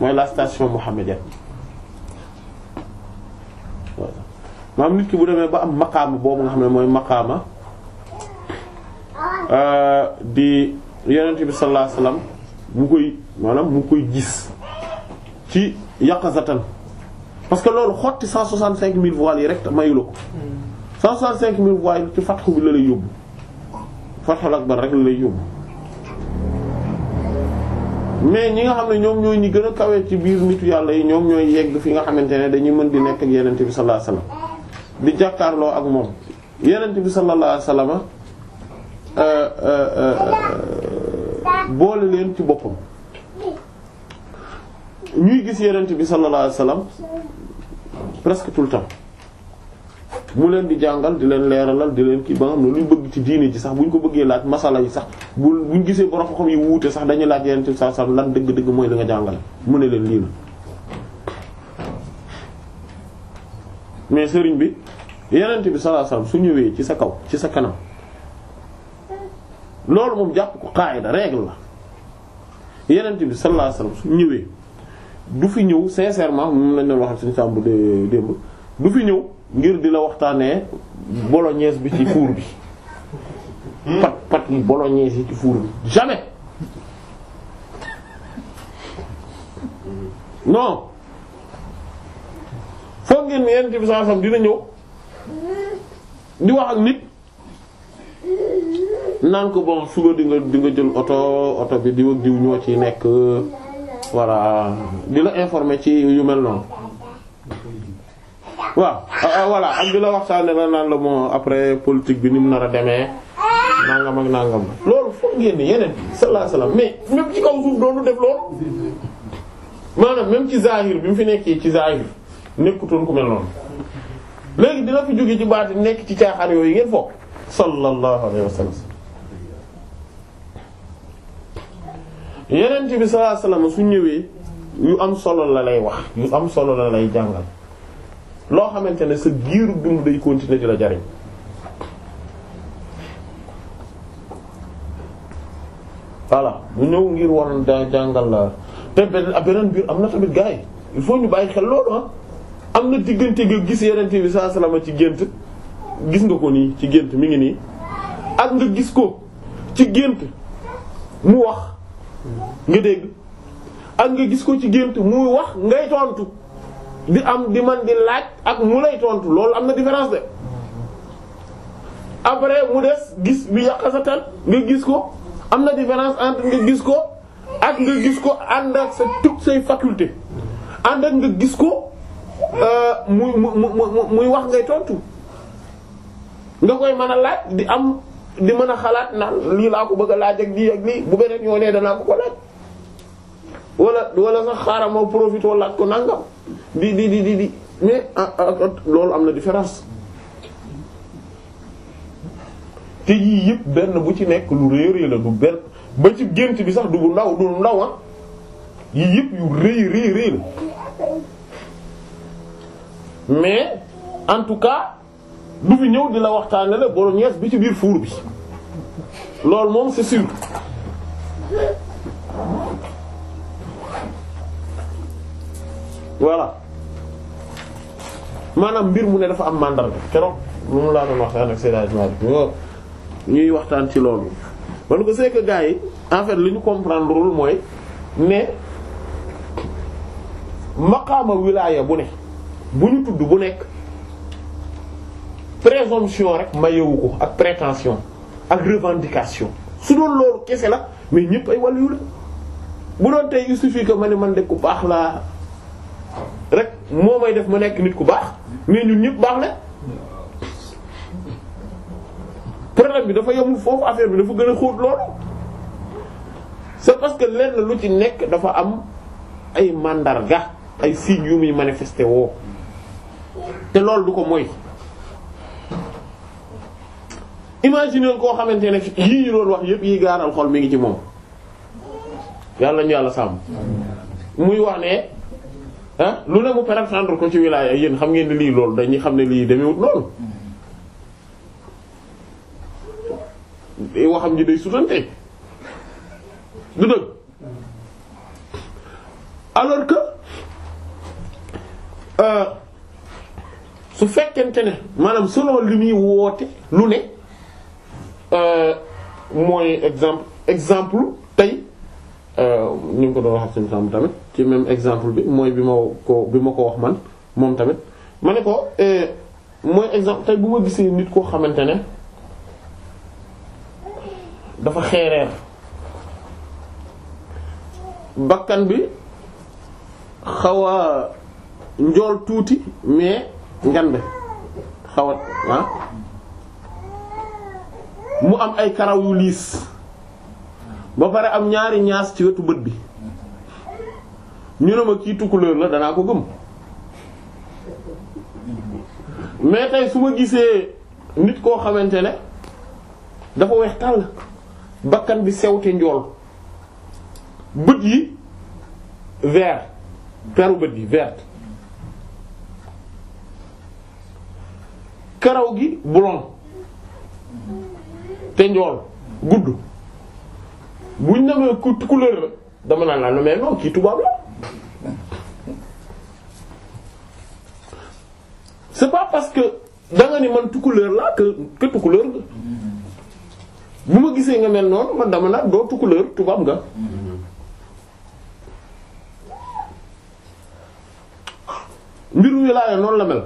mooy la station muhammadienne maam nit ki bu demee ba am maqaama boobu nga xam ne mooy maqaama euh, di yonent bi sallallahu alayhi mu koy maanaam mu koy gis ci yaqazatan parce que loolu xotti 165 000 voiles yi rek mayula ko hmm. 165 000 voix ci fatxu bi la lay yóbbu fatxul akbar rek la lay yóbbu mais ñi nga xam ne ñoom ñoo ñi gën a kawee ci biir nitu yàlla yi ñoom ñoo yegg fi nga xamante ne dañuy mën di nekk ak yenente bi sallallahu alayhi wasallam di jàkkaarloo ak moom yenente bi sallallahu alayhi wasallam euh, euh, euh, boole leen ci boppam ñuy gis yenente bi sallallahu alayhi wasallam presque tout temps mu leen di jàngal di leen leeralal di leen kii ba nga xam ne ñu bëgg ci diine ji sax buñ ko bëggee laaj masala sax bu bu buñ gisee borom xam yi wuute sax dañuy laaj yeneen ci saa saa lan dëgg mooy li nga mu ne leen lii la. sëriñ bi yeneen bi sallallahu su ñëwee ci sa kaw ci sa kanam loolu moom jàpp ko qaida règle la yeneen bi sallallahu alayhi wasallam du fi ñëw sincèrement moom lañ doon waxal suñu sàmm bu démb du fi ñëw. ngir di la waxtaanee bolognaise bi ci four bi hmm? pat pat yi bolognaise yi ci four bi jamais non foog ngeen yenn ci bisaasaam dina ñëw di wax ak nit naan ko bon suba di nga jël oto oto bi diw ak diw ñoo ci nekk voilà di la informer ci yu mel noonu. waaw ah, ah, voilà ak di la wax saa ne la naan la moo après politique bi ni mu nar a demee nangam ak nangam loolu foog ngeen yeneen mais même ci kaw def loolu ci zahir bi mu fi ci zahir nekkutoon ku mel noonu léegi dina fi jóge ci baati nekk ci caaxaan yooyu ngeen foog sallallahu alayhi wasallam yeneen bi sallallahu alayhi su ñëwee yu am solo la lay wax yu am solo la lay jàngal. loo xamante ne sa giiru dund day continuer di la jariñ voilà ñu ñëw ngir waroon da jàngal la te beneen biir am na tamit gars yi ñu bàyyi xel loolu ah am na diggante nga gis yeneen bi saa salama ci gént gis nga ko nii ci gént mi ngi nii ak nga gis ko ci gént mu wax nga dégg ak nga gis ko ci gént muy wax ngay tontu. di am di man di laaj ak mu lay tontu loolu am na différence de après mu des gis bi yàqasatal nga gis ko am na différence entre nga gis ko ak nga gis ko ànd ak sa toutes say faculté ànd ak nga gis ko euh, muy muy wax ngay tontu nga koy mën a laaj di am di mën a xalaat naan lii laa ko bëgg a laaj ak lii ak lii bu beneen yoonee danaa ko ko laaj wala wala sax xaaral ma profité laaj ko nangam. di di di di mais ah, ah, ah, loolu am na différence te yii yëpp benn bu ci nekk lu rëy rëy la du benn ba ci gént bi sax du bu ndaw du ndaw ah yii yëpp yu rëy rëy rëy la mais en tout cas du fi ñëw di la waxtaane la bolognaise bi ci biir fuur bi loolu moom c'est sûr voilà maanaam mbir mu ne dafa am màndarga keroog lu mu laa doon waxtaan ak Seydou Adjma bi ñuy waxtaan ci loolu. man ko c'est que yi en fait li ñu comprendre lul mooy ne maqaama wilaaya bu ne bu ñu tudd bu nekk présomption rek mayewu ko ak prétention ak revendication su doon loolu kese la mais ñëpp ay wàllu yu la bu doon tey il suffit que ma ne man de ku baax laa. rek moo may def ma nekk nit ku baax mais ñun ñëpp baax na problème bi dafa yemul foofu affaire bi dafa gën a xóot loolu c'est parce lenn lu ci nekk dafa am ay màndarga ay signes yu muy manifesté woo te loolu du ko mooy imaginer koo xamante ne yii ñu doon wax yëpp yi gaaral xol mi ngi ci moom yàlla ñu yàlla sàmm muy wax ne ah lu ne mu présenter ko ci a yéen xam ngeen ne lii loolu dañuy xam ne lii demewut loolu day waxam ji day sutante du dëgg alors que euh, su fekkente ne maanaam selon li muy woote lu ne euh, mooy exemple exemple tey ñu euh, ngi ko doon wax ak suñu tamit. ci même exemple bi mooy bi ma ko bi ma ko wax man moom tamit ma ne ko eh, mooy exemple tey bu ma gisee nit koo xamante ne dafa xeereer bakkan bi xaw a njool tuuti mais ngan bi xaw a ah. mu am ay karaw liis ba pare am ñaari ñaas ci wetu bët bi ñu ne ma kii tukkuleer la danaa ko gëm mais tey su ma gisee nit koo xamante ne dafa weex tàll bakkan bi sewte njool bët yi vert peru bët yi vert karaw gi blond te njool gudd buñ demee ku couleur dama naan la mais non kii tubaab la c'est pas parce que da nga ni man tukkuleer laa que que tukkuleer bu ma gisee nga mel noonu man dama naan doo tukkuleer tubaab nga. mbiru wilaaya noonu la mel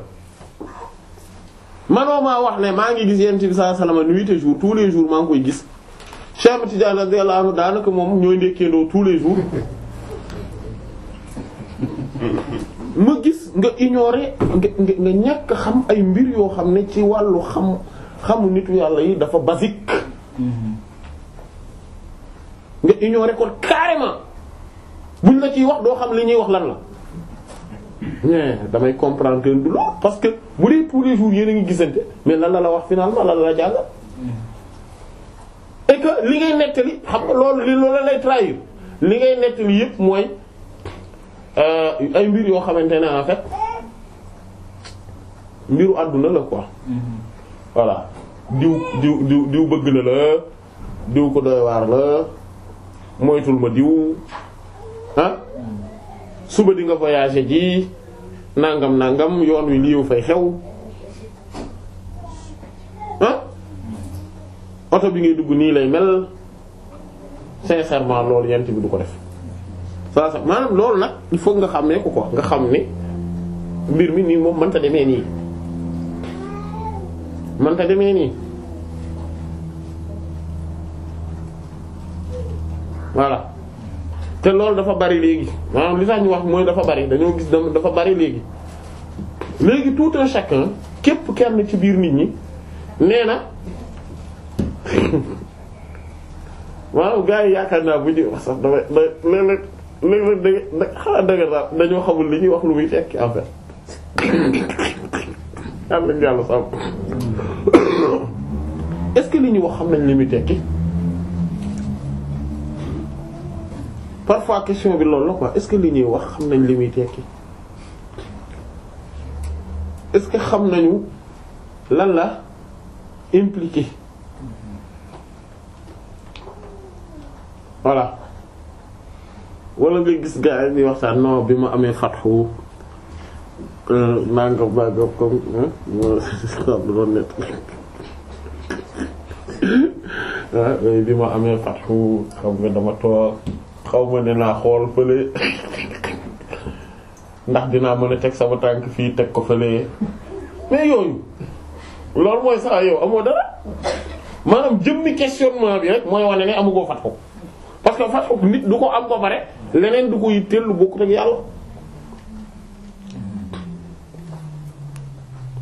manoo maa wax ne maa ngi gis yonent bi sallallahu alayhi wasallam nuit jour tous les jours maa ngi koy gis Cheikh Ahmed Tidiane radiyallahu anhu daanaka moom ñooy ndékkeendoo tous les jours *laughs* ma gis nga ignorer nga nga ñàkk xam ay mbir yoo xam ne ci wàllu xam xamu nitu yàlla yi dafa basique mm-hmm. nga ignorer kon carrément buñ la ciy wax doo xam li ñuy wax lan la mais damay comprendre que du loolu parce que bu dee tous les jours yéen a ngi gisante mais lan la la wax finalement lan la la jàngal mm-hmm. et li ngay nettali xam nga loolu li loolu lay trahir li ngay nettali yépp mooy Euh, ay mbir yoo xamante ne en fait mbiru àdduna la ko mm-hmm. voilà diw diw diw diw bëgg na la diw ko doy la moytul ma diw ah mm-hmm. suba di nga voyager ji nangam nangam yoon wi liiw fay xew ah mm-hmm. oto bi ngay dugg nii lay mel sincèrement loolu yent bi du ko def saa saa maanaam loolu nag il faut nga xam ne ko quoi nga xam ne mbir mi nii moom mënta demee nii mënta demee nii voilà te loolu dafa bari léegi maanaam li tax ñu wax mooy dafa bari dañoo gis dafa bari léegi léegi tout un chacun képp kenn ci biir nit ñi nee na *laughs* waaw gars yi yaakaar naa bu ñuy wax sax damay léeg-léeg léeg-léeg dëgg xanaa dëgg daal dañoo xamul li ñuy wax lu muy tekki en am nañ yàlla sàmm est-ce que li ñuy wax xam nañ li muy tekki parfois question bi loolu la quoi est-ce que li ñuy wax xam nañ li muy tekki est-ce que xam nañu lan la impliqué voilà. wala ngay gis gaa yi di waxtaan non bi ma amee fatxu euh, nanga baga comme du *laughs* doon net ah, bi nga dama toog xaw ma ne naa xool ndax dinaa mën teg sama tànk fii teg ko fële mais yooyu loolu mooy saa yow amoo dara maanaam jëmmi questionnement bi rek mooy wane ne amugoo fatxu parce que fatxu nit du ko am ko bare leneen du ko yitteel lu bokkut ak yàlla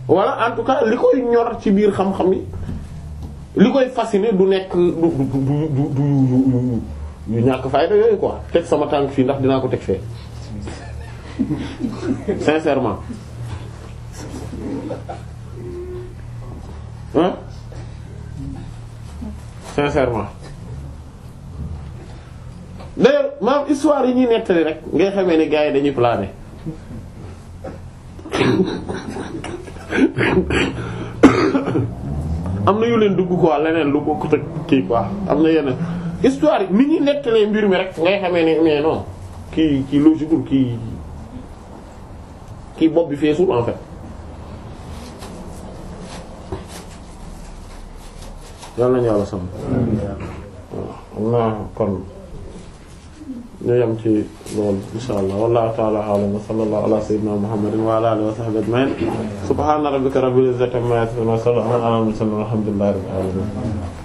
voilà en tout cas li koy ñor ci biir xam-xam yi li koy fasciner du nekk du du du du yu ñàkk fayda yooyu quoi teg sama tànk fii ndax dinaa ko teg fee sincèrement hein sincèrement d'ailleurs maam histoire yi ñuy nettali rek ngay xamee ne gars yi dañuy palaane *coughs* am na yu leen dugg quoi leneen lu bokkut ak kii quoi am na yeneen histoire yi ni ñuy nettalee mbir mi rek ngay xamee ne mais non kii ki logique kii kii bopp bi feesul en fait. yàlla na ñu yàlla sàmm. waaw kon. ñu yem ci loolu insha allah wallahu ta'ala a'lam wa sallallahu ala sayyidina muhammadin wa ala alihi wa sahbihi ajma'in subhana rabbika rabbil izzati amma yasifun wa salamun ala al mursalin walhamdulillahi rabbil alamin